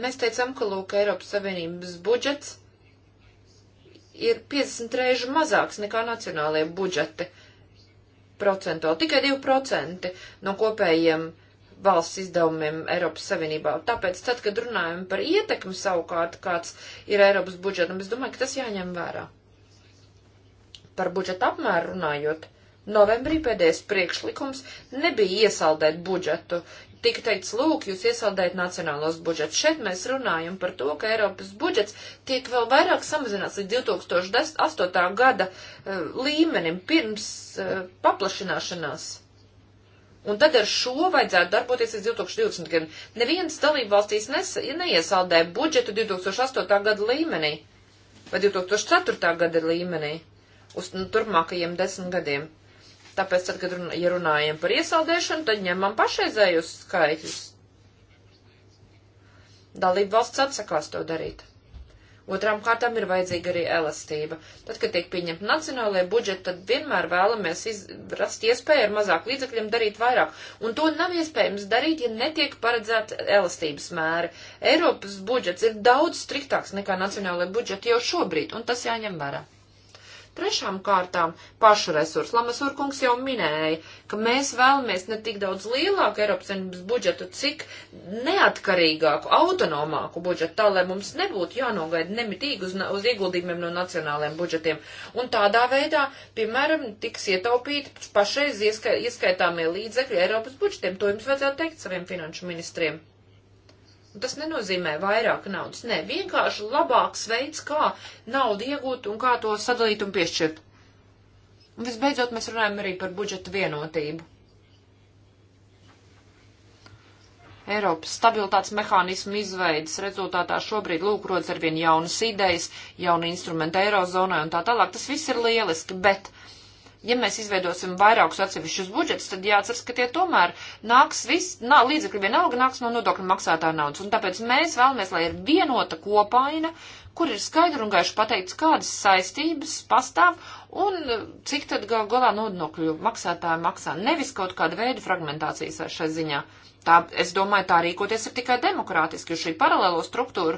D: Mēs teicām, ka lūk, Eiropas Savienības budžets ir 50 reižu mazāks nekā nacionālajie budžeti procentuāli, tikai 2% no kopējiem valsts izdevumiem Eiropas Savienībā. Tāpēc, tad, kad runājam par ietekmi savukārt, kāds ir Eiropas budžetam, es domāju, ka tas jāņem vērā. Par budžeta apmēru runājot, novembrī pēdējais priekšlikums nebija iesaldēt budžetu. Tika teikts, lūk, jūs iesaldējat nacionālos budžetus. Šeit mēs runājam par to, ka Eiropas budžets tiek vēl vairāk samazināts līdz 2008. gada uh, līmenim pirms uh, paplašināšanās Un tad ar šo vajadzētu darboties līdz 2020 gadam. Neviens dalībvalstīs neiesaldē budžetu 2008. gada līmenī vai 2004. gada līmenī uz nu, turpmākajiem desmit gadiem. Tāpēc, tad, kad run, ja runājam par iesaldēšanu, tad ņemam pašreizējus skaitļus. Dalībvalsts atsakās to darīt. Otrām kārtām ir vajadzīga arī elastība. Tad, kad tiek pieņemta nacionālajie budžeti, tad vienmēr vēlamies iz, rast iespēju ar mazāk līdzekļiem darīt vairāk. Un to nav iespējams darīt, ja netiek paredzēta elastības mēra. Eiropas budžets ir daudz striktāks nekā nacionālajie budžeti jau šobrīd, un tas jāņem vērā. Trešām kārtām pašu resursu. Lamas Urkungs jau minēja, ka mēs vēlamies ne tik daudz lielāku Eiropas Savienības budžetu, cik neatkarīgāku, autonomāku budžetu, tā lai mums nebūtu jānogaida nemitīgi uz, uz ieguldījumiem no nacionāliem budžetiem. Un tādā veidā, piemēram, tiks ietaupīti pašreiz ieska, ieskaitāmie līdzekļi Eiropas budžetiem. To jums vajadzētu teikt saviem finanšu ministriem. Tas nenozīmē vairāk naudas, nē, vienkārši labāks veids, kā naudu iegūt un kā to sadalīt un piešķirt. Un visbeidzot, mēs runājam arī par budžeta vienotību. Eiropas stabilitātes mehānismu izveidas rezultātā šobrīd lūk rodas arvien jaunas idejas, jauni instrumenti Eirozonai un tā tālāk. Tas viss ir lieliski, bet ja mēs izveidosim vairākus atsevišķus budžetus, tad jāatceras, ka tie tomēr nāks viss, nā, līdzekļi vienalga nāks no nodokļu maksātā naudas. Un tāpēc mēs vēlamies, lai ir vienota kopaina, kur ir skaidri un gaiši pateikts, kādas saistības pastāv un e, cik tad gal galā nodokļu maksātāji maksā. Nevis kaut kāda veida fragmentācijas šai ziņā. Tā, es domāju, tā rīkoties ir tikai demokrātiski, jo šī paralēlo struktūru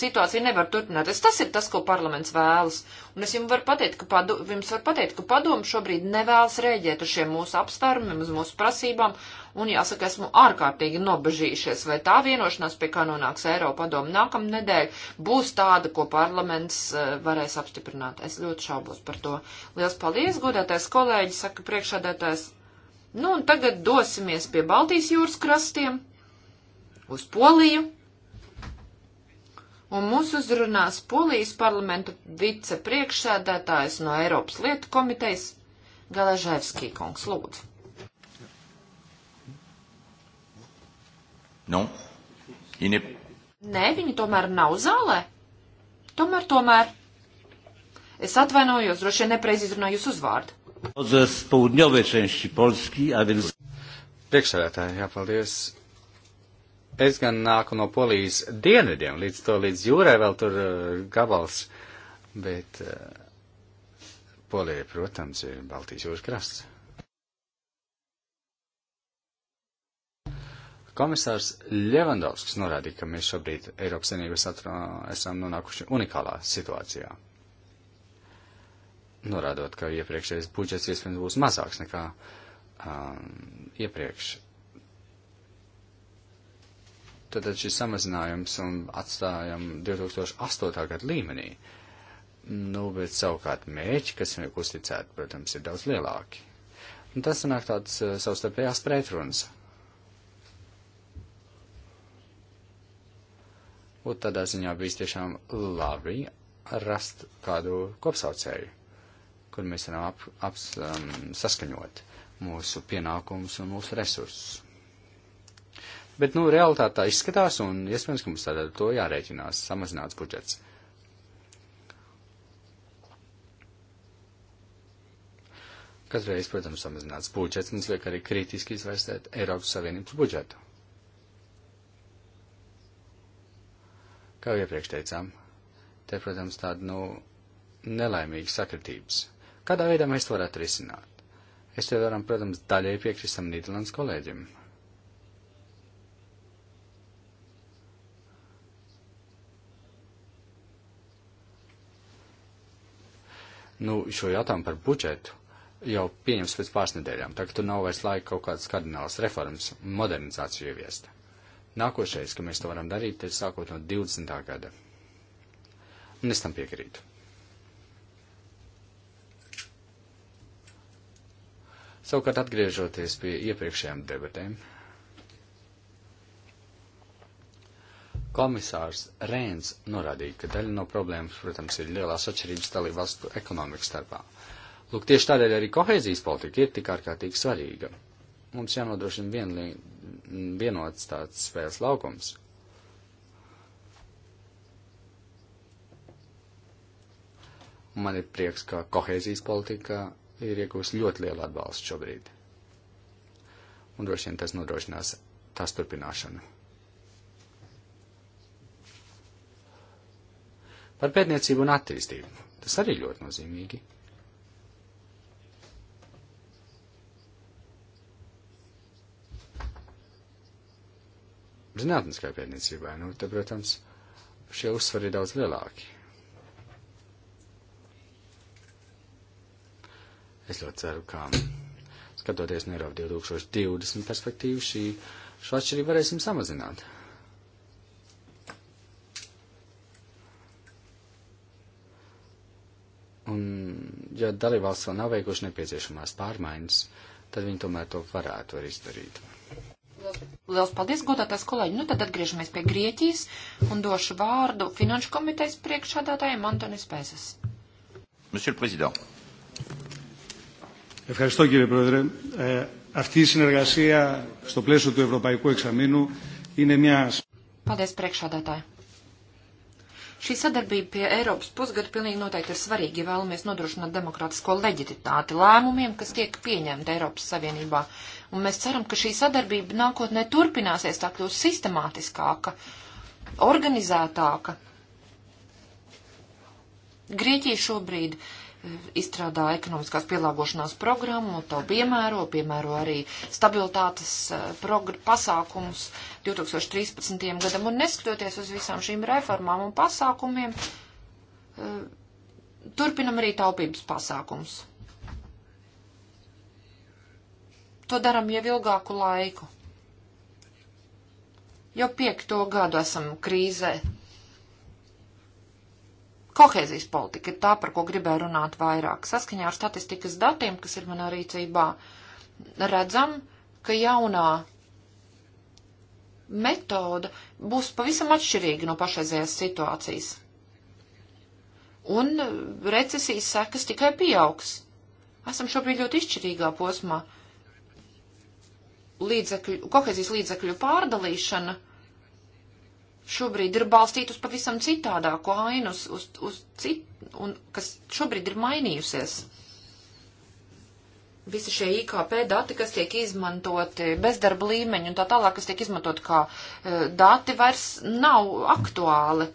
D: situācija nevar turpināties. Tas ir tas, ko parlaments vēlas. Un es jums varu pateikt, ka, padu, jums var pateikt, ka padomu šobrīd nevēlas rēģēt uz šiem mūsu apsvērumiem, uz mūsu prasībām. Un jāsaka, esmu ārkārtīgi nobežījušies, vai tā vienošanās, pie kā nonāks Eiropa padomu nākamnedēļ, būs tāda, ko parlaments eh, varēs apstiprināt. Es ļoti šaubos par to. Liels paldies, godētais kolēģi, saka priekšādētājs Nu, un tagad dosimies pie Baltijas jūras krastiem, uz Poliju. Un mūs uzrunās Polijas parlamentu vicepriekšsēdētājs no Eiropas lietu komitejas Galaževskī kungs. Lūdzu.
B: Nu, Nē,
D: viņi tomēr nav zālē. Tomēr, tomēr. Es atvainojos, droši vien nepreiz izrunāju jūsu uzvārdu.
A: Priekšsēdētāji, jāpaldies. Es gan nāku no Polijas dienvidiem, līdz to līdz jūrai vēl tur eh, gabals, bet eh, Polija, protams, ir Baltijas jūras krasts. Komisārs Ļevandovskis norādīja, ka mēs šobrīd Eiropas Savienības esam nonākuši unikālā situācijā norādot, ka iepriekšējais budžets iespējams būs mazāks nekā um, iepriekš. Tad šis samazinājums un atstājam 2008. gadu līmenī. Nu, bet savukārt mērķi, kas ir uzticēti, protams, ir daudz lielāki. Un tas sanāk tāds uh, savstarpējās pretrunas. Un tādā ziņā bijis tiešām labi rast kādu kopsaucēju kur mēs varam ap, ap, um, saskaņot mūsu pienākumus un mūsu resursus. Bet, nu, realitāte tā izskatās, un iespējams, ka mums tādā to jārēķinās, samazināts budžets. Katreiz, protams, samazināts budžets, mums liek arī kritiski izvērstēt Eiropas Savienības budžetu. Kā jau iepriekš teicām, te, protams, tāda, nu, nelaimīga sakritības. Kādā veidā mēs to varētu risināt? Es te varam, protams, daļai piekristam Nīderlandes kolēģim. Nu, šo jautājumu par budžetu jau pieņems pēc pāris nedēļām, tā ka tur nav vairs laika kaut kādas kardinālas reformas, modernizāciju ieviest. Nākošais, ka mēs to varam darīt, ir sākot no 20. gada. Un es tam piekrītu. Savukārt, atgriežoties pie iepriekšējām debatēm, komisārs Rēns norādīja, ka daļa no problēmas, protams, ir lielās atšķirības dalību valstu ekonomikas starpā. Lūk, tieši tādēļ arī kohēzijas politika ir tik ārkārtīgi svarīga. Mums jānodrošina vienlī, vienots tāds spēles laukums. Man ir prieks, ka kohēzijas politika ir iegūst ļoti lielu atbalstu šobrīd. Un droši vien tas nodrošinās tās turpināšanu. Par pētniecību un attīstību. Tas arī ļoti nozīmīgi. Zinātniskai pētniecībai, nu, te, protams, šie uzsvari ir daudz lielāki. Es ļoti ceru, ka skatoties no Eiropa 2020 perspektīvu, šī, šo atšķirību varēsim samazināt. Un, ja dalībvalsts vēl nav veikuši nepieciešamās pārmaiņas, tad viņi tomēr to varētu arī izdarīt.
D: Liels paldies, godātās kolēģi. Nu, tad atgriežamies pie Grieķijas un došu vārdu Finanšu komitejas priekšādātājiem Antonis Pēsas.
B: Monsieur le Président.
A: Ευχαριστώ κύριε Πρόεδρε. Ε, αυτή η συνεργασία στο πλαίσιο του Ευρωπαϊκού Εξαμήνου είναι μια...
D: Paldies, priekšādātāji! Šī sadarbība pie Eiropas pusgada pilnīgi noteikti ir svarīga, ja vēlamies nodrošināt demokrātisko leģititāti lēmumiem, kas tiek pieņemti Eiropas Savienībā. Un mēs ceram, ka šī sadarbība nākotnē turpināsies, tā kļūs sistemātiskāka, organizētāka. Grieķija šobrīd uh, izstrādā ekonomiskās pielāgošanās programmu, to piemēro, piemēro arī stabilitātes eh, pasākumus 2013. gadam, un neskatoties uz visām šīm reformām un pasākumiem, eh, turpinam arī taupības pasākumus. To daram jau ilgāku laiku. Jau piekto gadu esam krīzē Kohēzijas politika ir tā, par ko gribēju runāt vairāk. Saskaņā ar statistikas datiem, kas ir manā rīcībā, redzam, ka jaunā metoda būs pavisam atšķirīga no pašreizējās situācijas. Un recesijas sekas tikai pieaugs. Esam šobrīd ļoti izšķirīgā posmā. Līdzekļu, kohēzijas līdzekļu pārdalīšana šobrīd ir balstīta uz pavisam citādāku ainu, uz, uz, uz cit, un kas šobrīd ir mainījusies. Visi šie IKP dati, kas tiek izmantoti bezdarba līmeņi un tā tālāk, kas tiek izmantot kā e, dati, vairs nav aktuāli.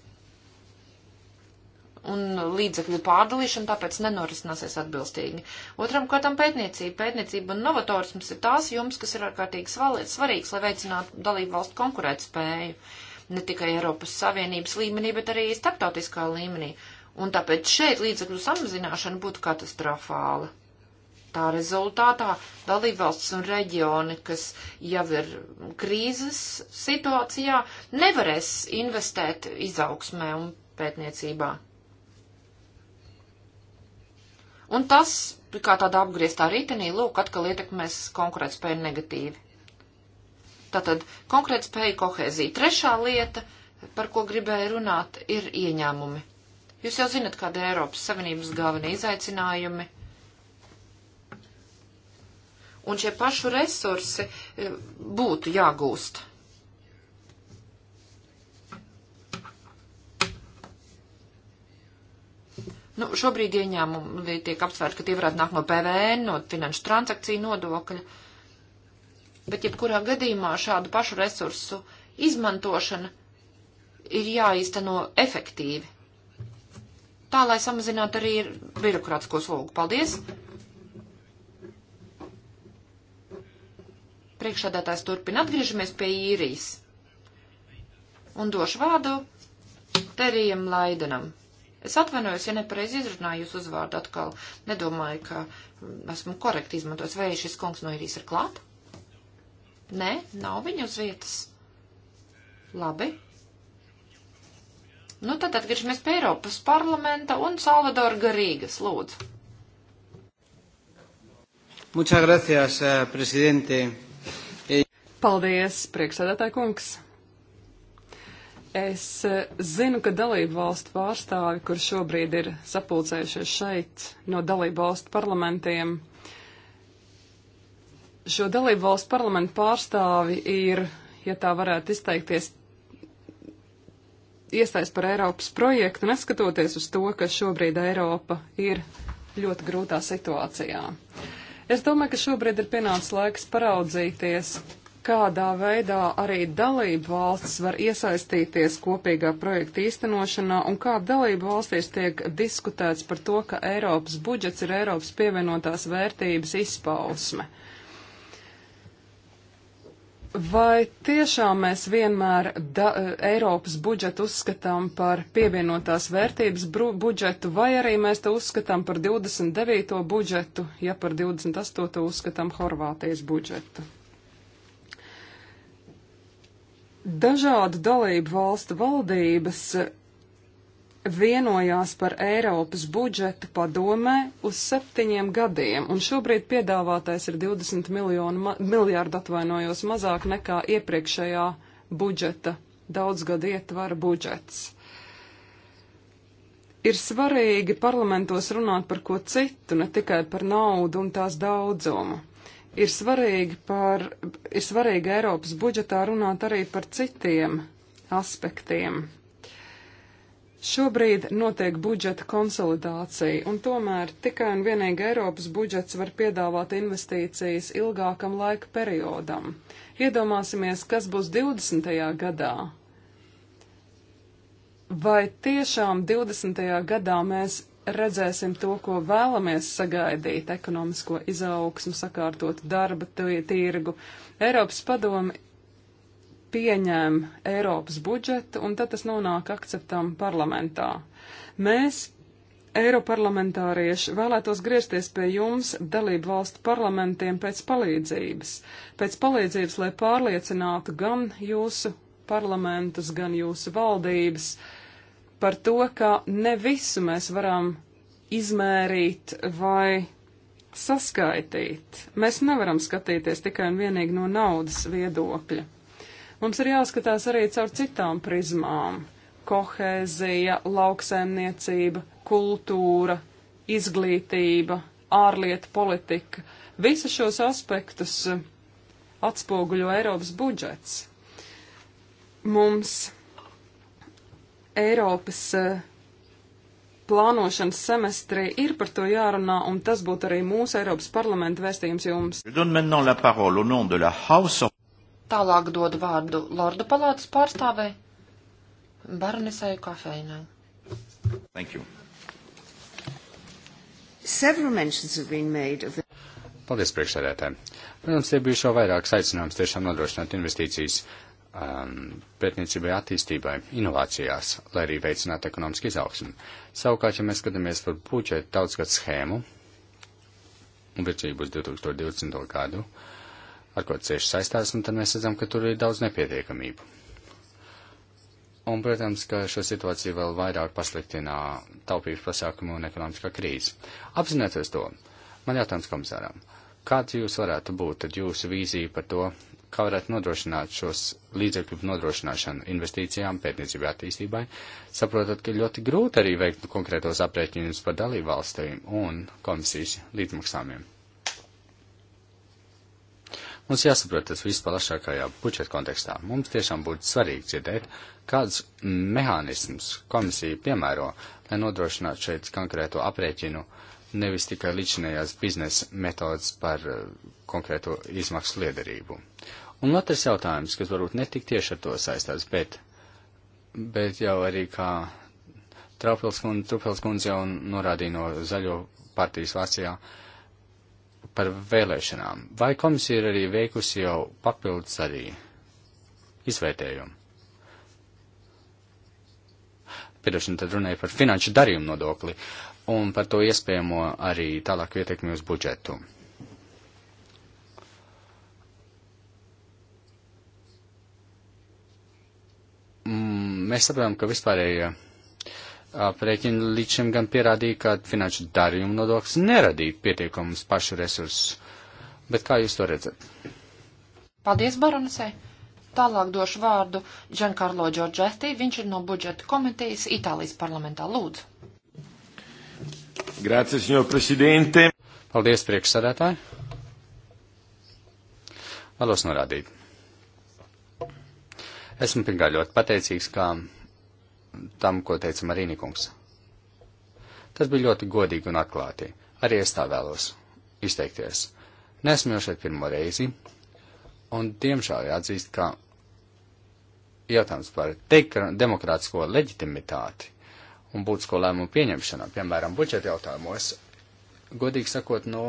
D: Un līdzekļu pārdalīšana tāpēc nenorisināsies atbilstīgi. Otram kārtam pētniecība. Pētniecība un novatorisms ir tās jums, kas ir ārkārtīgi svarīgs, lai veicinātu dalību valstu konkurētspēju. spēju ne tikai Eiropas Savienības līmenī, bet arī starptautiskā līmenī. Un tāpēc šeit līdzekļu samazināšana būtu katastrofāla. Tā rezultātā dalībvalsts un reģioni, kas jau ir krīzes situācijā, nevarēs investēt izaugsmē un pētniecībā. Un tas, kā tāda apgrieztā ritenī, lūk, atkal ietekmēs konkurētspēju negatīvi. Tātad konkrēta spēja kohēzija. Trešā lieta, par ko gribēju runāt, ir ieņēmumi. Jūs jau zinat, kāda ir Eiropas Savienības galvenie izaicinājumi. Un šie pašu resursi e, būtu jāgūst. Nu, šobrīd ieņēmumi tiek apsvērti, ka tie varētu nākt no PVN, no finanšu transakciju nodokļa bet jebkurā gadījumā šādu pašu resursu izmantošana ir jāīsteno efektīvi. Tā, lai samazinātu arī birokrātisko slogu. Paldies! Priekšādātājs turpina atgriežamies pie īrijas. Un došu vārdu Terijam Laidenam. Es atvainojos, ja nepareizi izrunāju jūsu uzvārdu atkal. Nedomāju, ka esmu korekti izmantojis. Vai šis kungs no īrijas ir klāt? Nē, nav viņa uz vietas. Labi. Nu, tad atgriežamies pie Eiropas parlamenta un Salvadora Garīgas, lūdzu.
B: Muchas gracias, eh, presidente. Eh,
C: Paldies, priekšsēdētāji kungs. Es eh, zinu, ka dalību valstu pārstāvi, kur šobrīd ir sapulcējušies šeit no dalību valstu parlamentiem, uh, šo dalību valstu parlamentu pārstāvi ir, ja tā varētu izteikties, iesaist par Eiropas projektu, neskatoties uz to, ka šobrīd Eiropa ir ļoti grūtā situācijā. Es domāju, ka šobrīd ir pienācis laiks paraudzīties, kādā veidā arī dalību valsts var iesaistīties kopīgā projekta īstenošanā un kā dalību valstīs tiek diskutēts par to, ka Eiropas budžets ir Eiropas pievienotās vērtības izpausme. Uh, Vai tiešām mēs vienmēr da, eh, Eiropas budžetu uzskatām par pievienotās vērtības budžetu, vai arī mēs to uzskatām par 29. budžetu, ja par 28. uzskatām Horvātijas budžetu? Dažādu dalību valstu valdības vienojās par Eiropas budžetu padomē uz septiņiem gadiem, un šobrīd piedāvātais ir 20 miljonu, miljārdu atvainojos mazāk nekā iepriekšējā budžeta daudzgada ietvara budžets. Ir svarīgi parlamentos runāt par ko citu, ne tikai par naudu un tās daudzumu ir svarīgi, par, ir svarīgi Eiropas budžetā runāt arī par citiem aspektiem. Šobrīd notiek budžeta konsolidācija, un tomēr tikai un vienīgi Eiropas budžets var piedāvāt investīcijas ilgākam laika periodam. Iedomāsimies, kas būs 20. gadā. Vai tiešām 20. gadā mēs redzēsim to, ko vēlamies sagaidīt - ekonomisko izaugsmu, sakārtot darba tīrgu? Eiropas padomi pieņem Eiropas budžetu, un tad tas nonāk akceptam parlamentā. Mēs, Eiroparlamentārieši, vēlētos griezties pie jums, dalību valstu parlamentiem, pēc palīdzības. Pēc palīdzības, lai pārliecinātu gan jūsu parlamentus, gan jūsu valdības par to, ka ne visu mēs varam izmērīt vai saskaitīt. Mēs nevaram skatīties tikai un vienīgi no naudas viedokļa. Mums ir jāskatās arī caur citām prizmām - kohēzija, lauksēmniecība, kultūra, izglītība, ārlietu politika. Visus šos aspektus eh, atspoguļo Eiropas budžets. Mums Eiropas eh, plānošanas semestrī ir par to jārunā, un tas būtu arī mūsu Eiropas parlamenta vēstījums jums.
D: Tālāk dodu vārdu Lordu palātas pārstāvei Baronesai Kafeinai. Thank you. Several mentions have
A: been made of the... Paldies priekšsēdētājiem. Protams, nu, ir bijuši jau vairākas aicinājums tiešām nodrošināt investīcijas um, pētniecībai, attīstībai, inovācijās, lai arī veicinātu ekonomisku izaugsmu. Savukārt, ja mēs skatāmies par budžetu daudzgad schēmu un virzību uz 2020. gadu, uh, ar ko cieši saistās, un tad mēs redzam, ka tur ir daudz nepietiekamību. Un, protams, ka šo situāciju vēl vairāk pasliktinā taupības pasākumu un ekonomiskā krīze. Apzinoties to, man jautājums komisāram, kāds jūs varētu būt tad jūsu vīzija par to, kā varētu nodrošināt šos līdzekļu nodrošināšanu investīcijām, pētniecībai, attīstībai, saprotat, ka ļoti grūti arī veikt konkrētos aprēķinus par dalībvalstīm un komisijas līdzmaksājumiem. Mums jāsaprot tas viss plašākajā budžeta kontekstā. Mums tiešām būtu svarīgi dzirdēt, kāds mehānisms komisija piemēro, lai nodrošinātu šeit konkrēto aprēķinu, nevis tikai līdzinējās biznesa metodas par eh, konkrēto izmaksu liederību. Un otrs jautājums, kas varbūt netik tieši ar to saistās, bet, bet jau arī kā Traupils kundze, kundze jau norādīja no zaļo partijas Vācijā, uh, par vēlēšanām. Vai komisija ir arī veikusi jau papildus arī izvērtējumu? Piedošana tad runāja par finanšu darījumu nodokli un par to iespējamo arī tālāk ietekmi uz budžetu. Mm, mēs saprotam, ka vispārējie ja aprēķini līdz šim gan pierādīja, ka finanšu darījuma nodoklis neradīja pietiekumus pašu resursus. Bet kā jūs to redzat?
D: Paldies, Baronisē! Tālāk došu vārdu Giancarlo Giorgetti, viņš ir no budžeta komitejas Itālijas parlamentā. Lūdzu!
A: Grazie, signor Presidente! Paldies, priekšsādātāji! Vēlos norādīt. Esmu pirmkārt ļoti pateicīgs, ka tam, ko teica Marīnikungs. Tas bija ļoti godīgi un atklāti. Arī es tā vēlos izteikties. Nesmu jau šeit pirmo reizi, un diemžēl jāatzīst, ka jautājums par demokrātisko leģitimitāti un būtisko lēmumu pieņemšanā, piemēram, budžeta jautājumos, godīgi sakot, nu,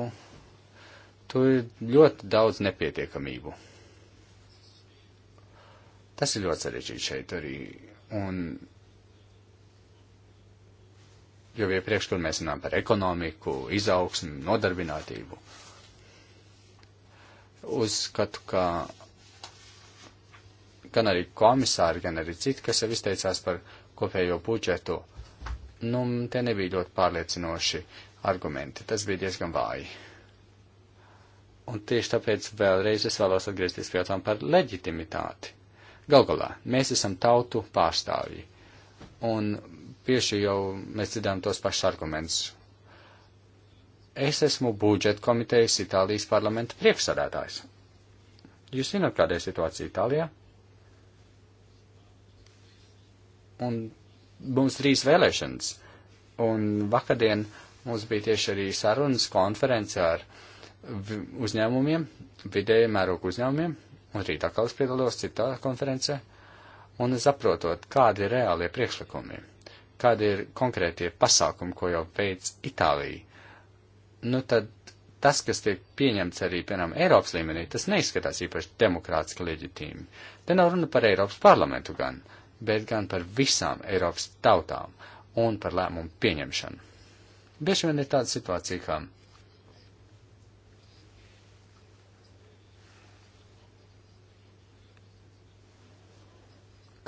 A: tur ir ļoti daudz nepietiekamību. Tas ir ļoti sarežģīti šeit arī, un jo iepriekš tur mēs runājam par ekonomiku, izaugsmu, nodarbinātību. Uzskatu, ka gan arī komisāri, gan arī citi, kas jau izteicās par kopējo budžetu, nu, te nebija ļoti pārliecinoši argumenti. Tas bija diezgan vāji. Un tieši tāpēc vēlreiz es vēlos atgriezties pie jautājuma par leģitimitāti. Galgalā, mēs esam tautu pārstāvji. Un bieži jau mēs dzirdām tos pašus argumentus. Es esmu budžeta komitejas Itālijas parlamenta priekšsādātājs. Jūs zināt, kāda ir situācija Itālijā? Un mums trīs vēlēšanas. Un vakardien mums bija tieši arī sarunas konference ar uzņēmumiem, vidēja mērogu uzņēmumiem, un rīt atkal es piedalos citā konferencē, un es saprotot, kādi ir reālie priekšlikumi kādi ir konkrētie pasākumi, ko jau veids Itālija, nu tad tas, kas tiek pieņemts arī, piemēram, Eiropas līmenī, tas neizskatās īpaši demokrātiski leģitīmi. Te nav runa par Eiropas parlamentu gan, bet gan par visām Eiropas tautām un par lēmumu pieņemšanu. Bieži vien ir tāda situācija, kā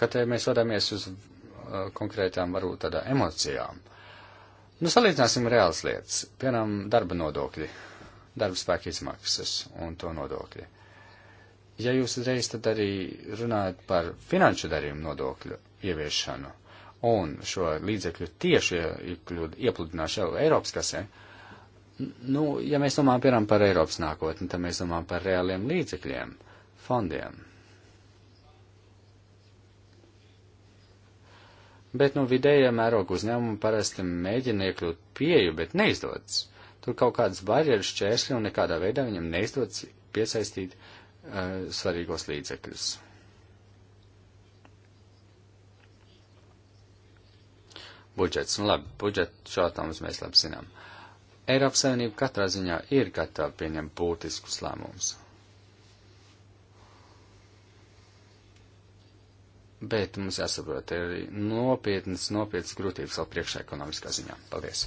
A: ka te mēs vadāmies uz Uh, konkrētām, varbūt tādā emocijām. Nu, salīdzināsim reāls lietas, piemēram, darba nodokļi, darba spēka izmaksas un to nodokļi. Ja jūs uzreiz tad arī runājat par finanšu darījumu nodokļu ieviešanu un šo līdzekļu tieši iepludināšanu Eiropas kasē, nu, ja mēs domājam, piemēram, par Eiropas nākotni, tad mēs domājam par reāliem līdzekļiem, fondiem. Bet, nu, vidējā mēroga uzņēmumi parasti mēģina iekļūt pieju, bet neizdodas. Tur kaut kādas barjeras čērsļi un nekādā veidā viņam neizdodas piesaistīt uh, svarīgos līdzekļus. Budžets, nu labi, budžetu šātāmus mēs labi zinām. Eiropas Savienība katrā ziņā ir gatava pieņemt būtiskus lēmumus. bet mums jāsaprot, ir arī nopietnas, nopietnas grūtības vēl priekšā ekonomiskā ziņā. Paldies!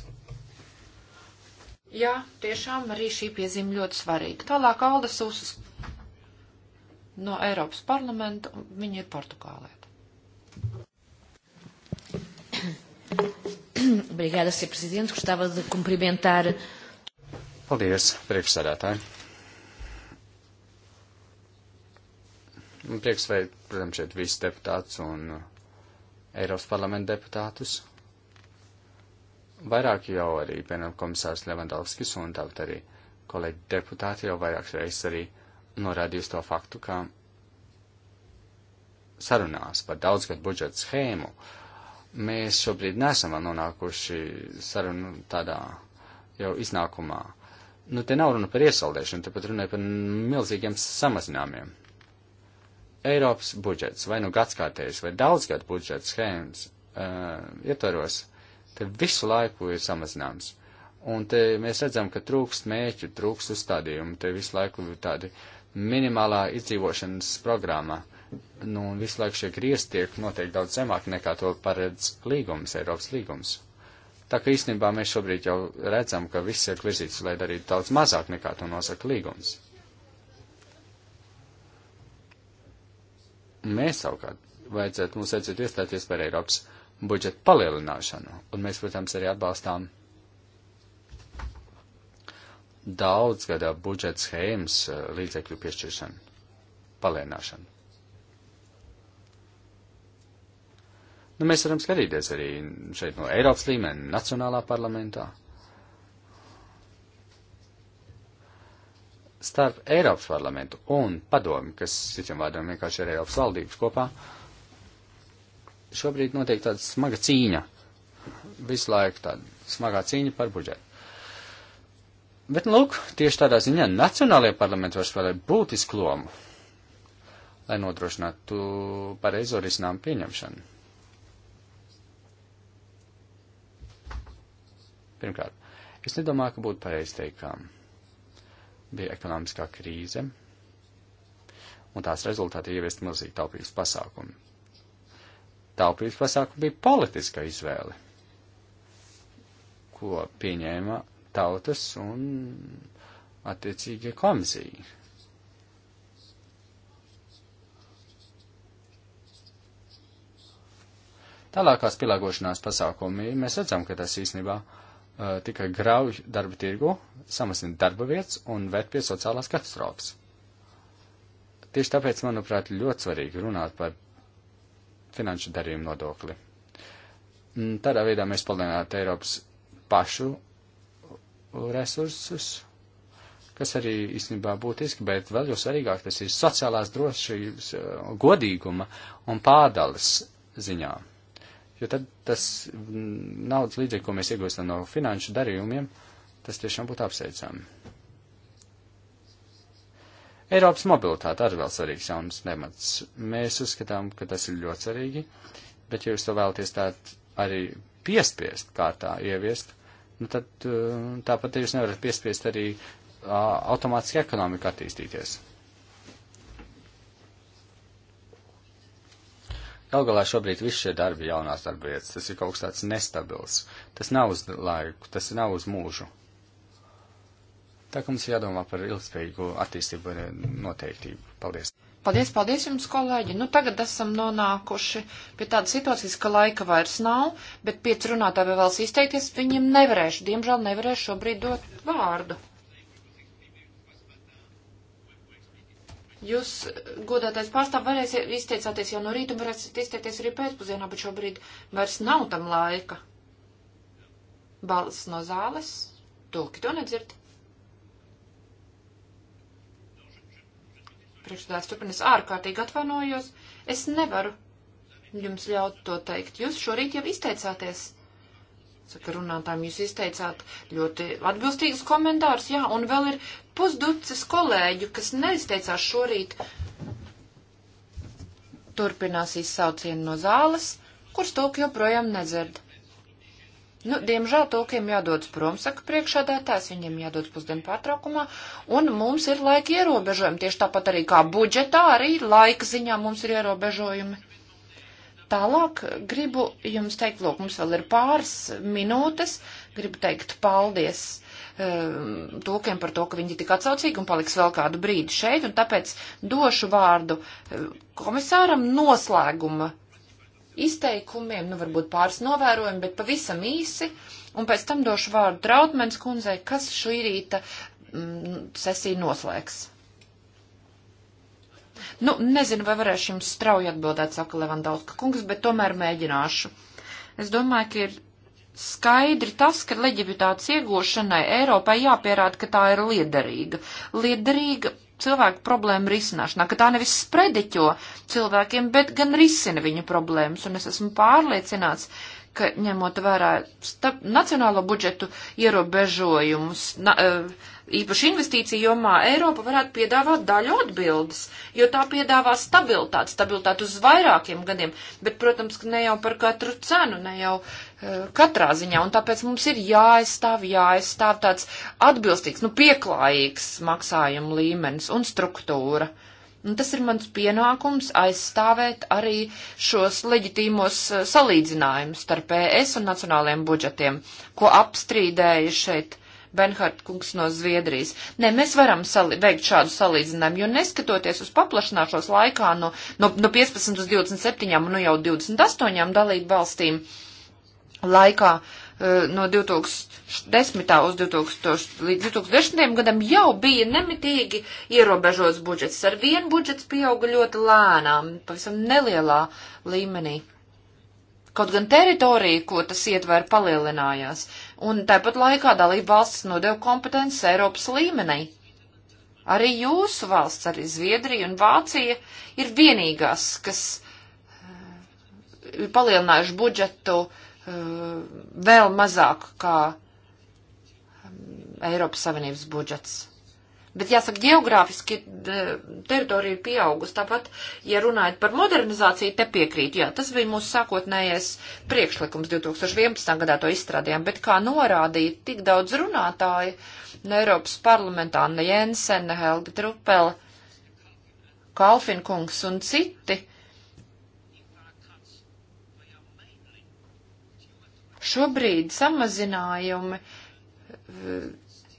D: Jā, tiešām arī šī piezīme ļoti svarīga. Tālāk Alda Susas no Eiropas parlamenta, viņa ir Portugālē. Obrigada, Sr. Presidente. Gostava de cumprimentar.
A: Paldies, priekšsēdētāji. Un prieks veikt, protams, šeit visus deputātus un uh, Eiropas parlamenta deputātus. Vairāk jau arī, piemēram, komisārs Levandovskis un tāpat arī kolēģi deputāti jau vairākas reizes arī norādījis to faktu, ka sarunās par daudzgad budžeta schēmu mēs šobrīd nesam nonākuši sarunu tādā jau iznākumā. Nu, te nav runa par iesaldēšanu, te pat runa par milzīgiem samazinājumiem. Eiropas budžets, vai nu gadskārtējs, vai daudzgadu budžets schēmas uh, ietvaros, te visu laiku ir samazināms. Un te mēs redzam, ka trūkst mēķu, trūkst uzstādījumu, te visu laiku ir tādi minimālā izdzīvošanas programma. Nu, un visu laiku šie griezti tiek noteikti daudz zemāk nekā to paredz līgums, Eiropas līgums. Tā ka īstenībā mēs šobrīd jau redzam, ka viss ir virzīts, lai darītu daudz mazāk nekā to nosaka līgums. Mēs savukārt vajadzētu mums vajadzētu iestāties par Eiropas budžeta palielināšanu, un mēs, protams, arī atbalstām daudzgadā budžeta schēmas eh, līdzekļu piešķiršanu, palielināšanu. Nu, mēs varam skatīties arī šeit no Eiropas līmeņa, nacionālā parlamentā. starp Eiropas parlamentu un padomi, kas, citiem vārdiem, vienkārši ir Eiropas valdības kopā, šobrīd notiek tāda smaga cīņa, visu laiku tāda smagā cīņa par budžetu. Bet, nu, lūk, tieši tādā ziņā nacionālajie parlamenti var spēlēt būtisku lomu, lai nodrošinātu pareizo risinājumu pieņemšanu. Pirmkārt, es nedomāju, ka būtu pareizi teikt, ka bija ekonomiskā krīze, un tās rezultāti ieviest milzīgi taupības pasākumi. Taupības pasākumi bija politiska izvēle, ko pieņēma tautas un attiecīgie komisija. Tālākās pielāgošanās pasākumi mēs redzam, ka tas īstenībā uh, uh, tikai grauj darba tirgu, samazina darba vietas un ved pie sociālās katastrofas. Tieši tāpēc, manuprāt, ļoti svarīgi runāt par finanšu darījumu nodokli. Un mm, tādā veidā mēs palielinātu Eiropas pašu resursus, kas arī īstenībā būtiski, bet vēl jau svarīgāk tas ir sociālās drošības, uh, godīguma un pārdales ziņām. Jo tad tas mm, naudas līdzekļi, ko mēs iegūstam no finanšu darījumiem, tas tiešām būtu apsveicami. Eiropas mobilitāte arī vēl svarīgs jauns temats. Mēs uzskatām, ka tas ir ļoti svarīgi, bet ja jūs to vēlaties tā arī piespiest kārtā ieviest, nu tad mm, tāpat jūs nevarat piespiest arī automātiski ekonomiku attīstīties. Galu galā šobrīd viss šie darbi jaunās darba vietas, tas ir kaut kas tāds nestabils. Tas nav uz laiku, tas nav uz mūžu. Tā kā mums jādomā par ilgspējīgu attīstību un eh, noteiktību. Paldies!
D: Paldies, paldies jums, kolēģi. Nu, tagad esam nonākuši pie tādas situācijas, ka laika vairs nav, bet pieci runātāji vēl vēlas izteikties, viņiem nevarēšu, diemžēl nevarēšu šobrīd dot vārdu. Jūs, godātais pārstāv, varēsiet izteicāties jau no rīta un varēsiet izteikties arī pēcpusdienā, bet šobrīd vairs nav tam laika. Balsts no zāles. Tulki to nedzird. Priekšstādājs turpinās ārkārtīgi atvainojos. Es nevaru jums ļaut to teikt. Jūs šorīt jau izteicāties. Saka runātām, jūs izteicāt ļoti atbilstīgus komentārus, jā, un vēl ir pusducis kolēģu, kas neizteicās šorīt. Turpinās izsaucienu no zāles, kurš tūk joprojām nedzird. Nu, diemžēl tūkiem jādodas prom, saka priekšādātājs, viņiem jādodas pusdienu pārtraukumā, un mums ir laika ierobežojumi. Tieši tāpat arī kā budžetā, arī laika ziņā mums ir ierobežojumi. Tālāk gribu jums teikt, lūk, mums vēl ir pāris minūtes, gribu teikt paldies um, tūkiem par to, ka viņi tik atsaucīgi un paliks vēl kādu brīdi šeit, un tāpēc došu vārdu um, komisāram noslēguma izteikumiem, nu varbūt pāris novērojumi, bet pavisam īsi, un pēc tam došu vārdu Trautmens kundzei, kas šī rīta mm, sesija noslēgs. Nu, nezinu, vai varēšu jums strauji atbildēt, saka Levandauska kungs, bet tomēr mēģināšu. Es domāju, ka ir skaidri tas, ka leģibitātes iegūšanai Eiropai jāpierāda, ka tā ir liederīga. Liederīga cilvēku problēmu risināšanā, ka tā nevis sprediķo cilvēkiem, bet gan risina viņu problēmas. Un es esmu pārliecināts, ka ņemot vērā nacionālo budžetu ierobežojumus, na, uh, īpaši investīciju jomā Eiropa varētu piedāvāt daļu atbildes, jo tā piedāvā stabilitāti, stabilitāti uz vairākiem gadiem, bet, protams, ka ne jau par katru cenu, ne jau uh, katrā ziņā, un tāpēc mums ir jāaizstāv, jāaizstāv tāds atbilstīgs, nu, pieklājīgs maksājumu līmenis un struktūra. Un tas ir mans pienākums aizstāvēt arī šos leģitīmos eh, salīdzinājumus starp ES un nacionālajiem budžetiem, ko apstrīdēja šeit Benhard kungs no Zviedrijas. Nē, mēs varam sali, veikt šādu salīdzinājumu, jo neskatoties uz paplašināšos laikā no, no, no 15 uz 27, nu jau 28 dalību valstīm laikā eh, no 2010. uz 2000, līdz 2010. gadam jau bija nemitīgi ierobežots budžets. Ar vienu budžets pieauga ļoti lēnām, pavisam nelielā līmenī. Kaut gan teritorija, ko tas ietver, palielinājās, un tāpat laikā dalība valsts nodeva kompetences Eiropas līmenī. Arī jūsu valsts, arī Zviedrija un Vācija ir vienīgās, kas ir eh, palielinājuši budžetu eh, vēl mazāk kā mm, Eiropas Savienības budžets. Bet jāsaka, geogrāfiski teritorija ir pieaugusi. Tāpat, ja runājot par modernizāciju, te piekrīt, jā, tas bija mūsu sākotnējais priekšlikums 2011. gadā to izstrādījām, bet kā norādīja tik daudz runātāji no Eiropas parlamentā, ne Jensen, ne Helga Trupela, Kalfinkungs un citi. Šobrīd samazinājumi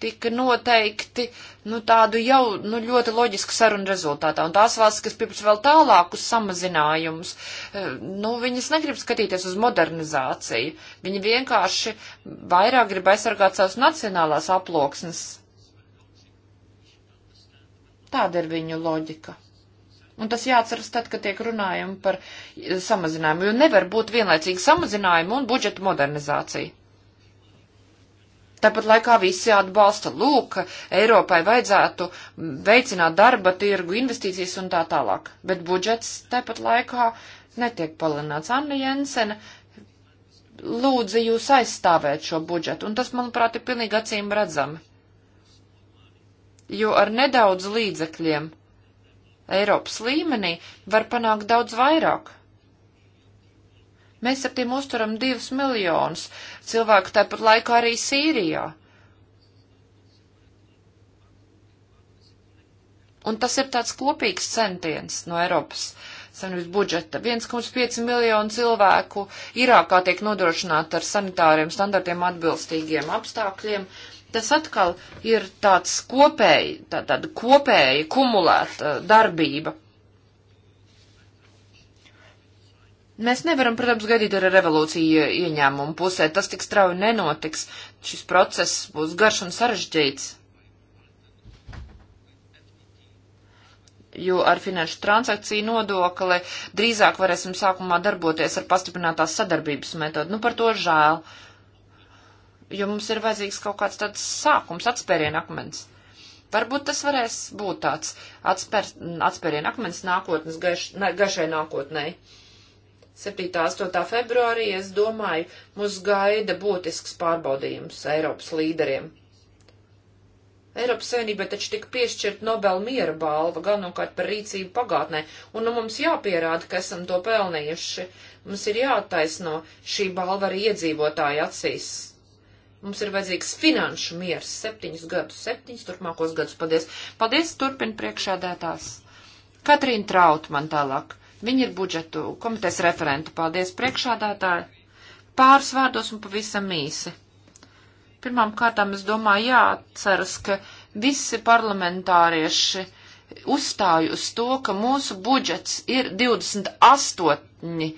D: tika noteikti nu, tādu jau nu, ļoti loģisku sarunu rezultātā. Un tās valsts, kas pirms vēl tālākus samazinājumus, eh, nu, viņas negrib skatīties uz modernizāciju. Viņi vienkārši vairāk grib aizsargāt savas nacionālās aploksnes. Tāda ir viņu loģika. Un tas jāatceras tad, kad tiek runājumi par samazinājumu, jo nevar būt vienlaicīgi samazinājumu un budžeta modernizāciju. Tāpat laikā visi atbalsta lūk, ka Eiropai vajadzētu veicināt darba tirgu, investīcijas un tā tālāk. Bet budžets tāpat laikā netiek palināts. Anna Jensena lūdza jūs aizstāvēt šo budžetu, un tas, manuprāt, ir pilnīgi acīm redzami. Jo ar nedaudz līdzekļiem Eiropas līmenī var panākt daudz vairāk. Mēs ar tiem uzturam divus miljonus cilvēku, tāpat laikā arī Sīrijā. Un tas ir tāds kopīgs centiens no Eiropas Savienības budžeta. 1,5 miljonu cilvēku Irākā tiek nodrošināti ar sanitāriem standartiem atbilstīgiem apstākļiem. Tas atkal ir tāds kopēji, tā, tāda kopēja kumulēta darbība. Mēs nevaram, protams, gaidīt ar revolūciju ieņēmumu pusē. Tas tik strauji nenotiks. Šis process būs garš un sarežģīts. Jo ar finanšu transakciju nodokli drīzāk varēsim sākumā darboties ar pastiprinātās sadarbības metodu. Nu, par to žēl. Jo mums ir vajadzīgs kaut kāds tāds sākums, atspērienu akmens. Varbūt tas varēs būt tāds atspēr, atspērienu akmens nākotnes, gaiš, ne, gaišai nākotnēji. 7. 8. februārī, es domāju, mūs gaida būtisks pārbaudījums Eiropas līderiem. Eiropas Savienībai taču tika piešķirt Nobel miera balva galvenokārt par rīcību pagātnē, un nu mums jāpierāda, ka esam to pelnījuši. Mums ir jātaisno šī balva arī iedzīvotāju acīs. Mums ir vajadzīgs finanšu miers septiņus gadus, septiņus turpmākos gadus. Paldies! Paldies, turpin priekšādētās! Katrīna Trautman tālāk. Viņa ir budžetu komitejas referenta. Paldies priekšādātāji. Pāris vārdos un pavisam īsi. Pirmām kārtām es domāju jāceras, ka visi parlamentārieši uzstāju uz to, ka mūsu budžets ir 28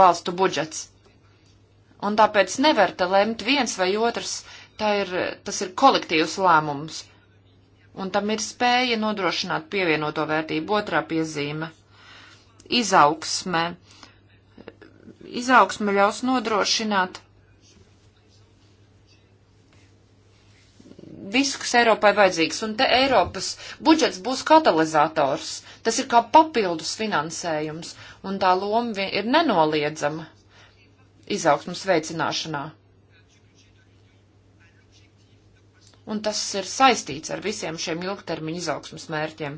D: valstu budžets. Un tāpēc nevar te lemt viens vai otrs, tā ir, tas ir kolektīvs lēmums. Un tam ir spēja nodrošināt pievienoto vērtību otrā piezīme izaugsmē. Izaugsme ļaus nodrošināt visu, kas Eiropai vajadzīgs, un te Eiropas budžets būs katalizators. Tas ir kā papildus finansējums, un tā loma ir nenoliedzama izaugsmas veicināšanā. Un tas ir saistīts ar visiem šiem ilgtermiņa izaugsmas mērķiem.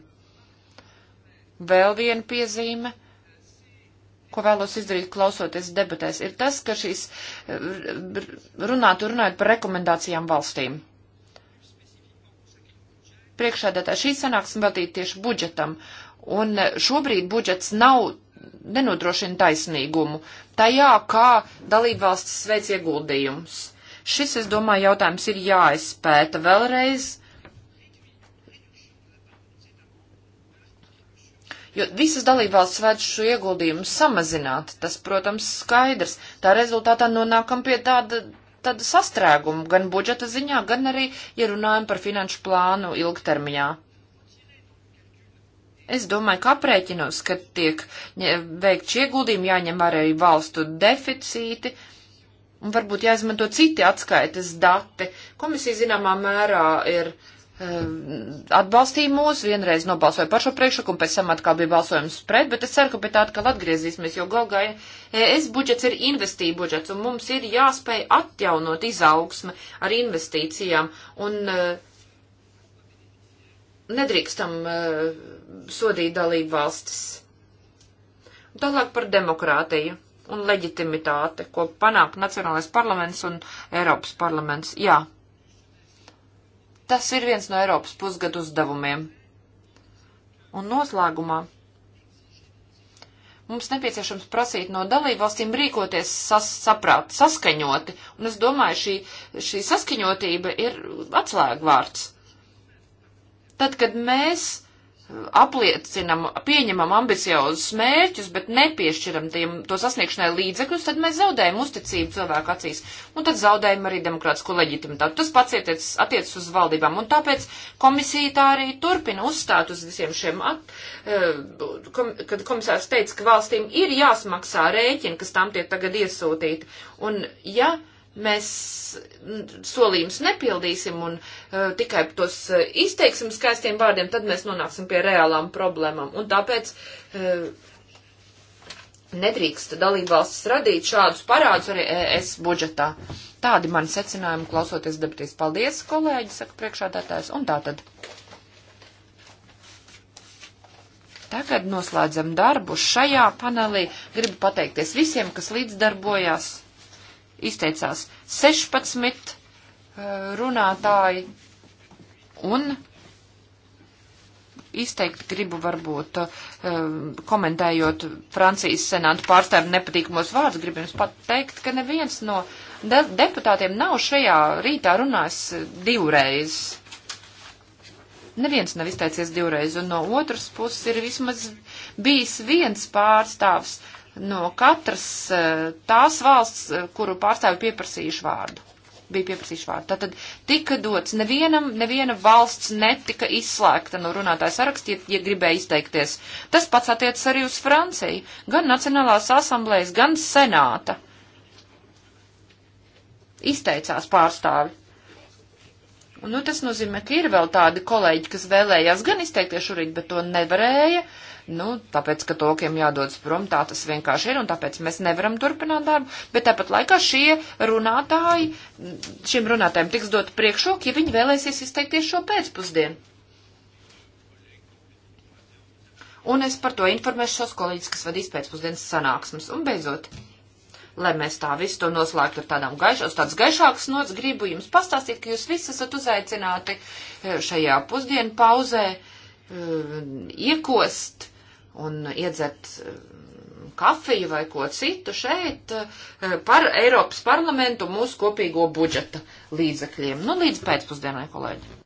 D: Vēl viena piezīme ko vēlos izdarīt klausoties debatēs, ir tas, ka šīs eh, runātu runājot par rekomendācijām valstīm. Priekšādātāji šī sanāksme veltīta tieši budžetam, un eh, šobrīd budžets nav nenodrošina taisnīgumu tajā, kā dalībvalstis veic ieguldījumus. Šis, es domāju, jautājums ir jāizpēta vēlreiz jo visas dalībvalsts vēd šo ieguldījumu samazināt, tas, protams, skaidrs. Tā rezultātā nonākam pie tāda, tāda sastrēguma gan budžeta ziņā, gan arī, ja runājam par finanšu plānu ilgtermiņā. Es domāju, ka aprēķinos, ka tiek veikts ieguldījumi, jāņem arī valstu deficīti, un varbūt jāizmanto citi atskaites dati. Komisija zināmā mērā ir atbalstīja mūs, vienreiz nobalsoja par šo priekšlikumu, pēc tam atkal bija balsojums pret, bet es ceru, ka pie tā atkal atgriezīsimies, jo galgā ES budžets ir investīcija budžets, un mums ir jāspēj atjaunot izaugsme ar investīcijām, un e, nedrīkstam e, sodīt dalību valstis. Tālāk par demokrātiju un leģitimitāti, ko panāk Nacionālais parlaments un Eiropas parlaments. Jā, Tas ir viens no Eiropas pusgadu uzdevumiem. Un noslēgumā mums nepieciešams prasīt no dalībvalstīm rīkoties sas, saprāt, saskaņoti, un es domāju, šī, šī saskaņotība ir atslēgvārds. Tad, kad mēs apliecinam, pieņemam ambiciozus mērķus, bet nepiešķiram tiem to sasniegšanai līdzekļus, tad mēs zaudējam uzticību cilvēku acīs, un tad zaudējam arī demokrātisko leģitimitāti. Tas pats attiec, attiec uz valdībām, un tāpēc komisija tā arī turpina uzstāt uz visiem šiem, at, e, kom, kad komisārs teica, ka valstīm ir jāsmaksā rēķini, kas tam tiek tagad iesūtīti, un ja mēs solījums nepildīsim un uh, tikai tos uh, izteiksim skaistiem vārdiem, tad mēs nonāksim pie reālām problēmām. Un tāpēc uh, nedrīkst dalībvalstis radīt šādus parādus arī ES budžetā. Tādi mani secinājumi klausoties debatīs. Paldies, kolēģi, saka priekšādātājs. Un tā tad. Tagad noslēdzam darbu šajā panelī. Gribu pateikties visiem, kas līdzdarbojās izteicās 16 eh, runātāji un izteikt gribu varbūt eh, komentējot Francijas senātu pārstāvi nepatīkamos vārdus, gribu jums pat teikt, ka neviens no de deputātiem nav šajā rītā runājis eh, divreiz. Neviens nav izteicies divreiz, un no otras puses ir vismaz bijis viens pārstāvs no katras eh, tās valsts, eh, kuru pārstāvi pieprasījuši vārdu. Bija pieprasījuši vārdu. Tātad tika dots nevienam, neviena valsts netika izslēgta no runātāja saraksta, ja, ja gribēja izteikties. Tas pats attiecas arī uz Franciju, gan Nacionālās asamblējas, gan senāta. Izteicās pārstāvi. Un, nu, tas nozīmē, ka ir vēl tādi kolēģi, kas vēlējās gan izteikties šorīt, bet to nevarēja, nu, tāpēc, ka tokiem jādodas prom, tā tas vienkārši ir, un tāpēc mēs nevaram turpināt darbu, bet tāpat laikā šie runātāji, šiem runātājiem tiks dot priekšroki, ja viņi vēlēsies izteikties šo pēcpusdienu. Un es par to informēšu šos kolēģis, kas vadīs pēcpusdienas sanāksmes. Un beidzot lai mēs tā visu to noslēgtu ar tādām gaišās, tāds gaišāks nots, gribu jums pastāstīt, ka jūs visi esat uzaicināti eh, šajā pusdienu pauzē eh, iekost un iedzert um, kafiju vai ko citu šeit uh, par Eiropas parlamentu mūsu kopīgo budžeta līdzekļiem. Nu, līdz pēcpusdienai, kolēģi.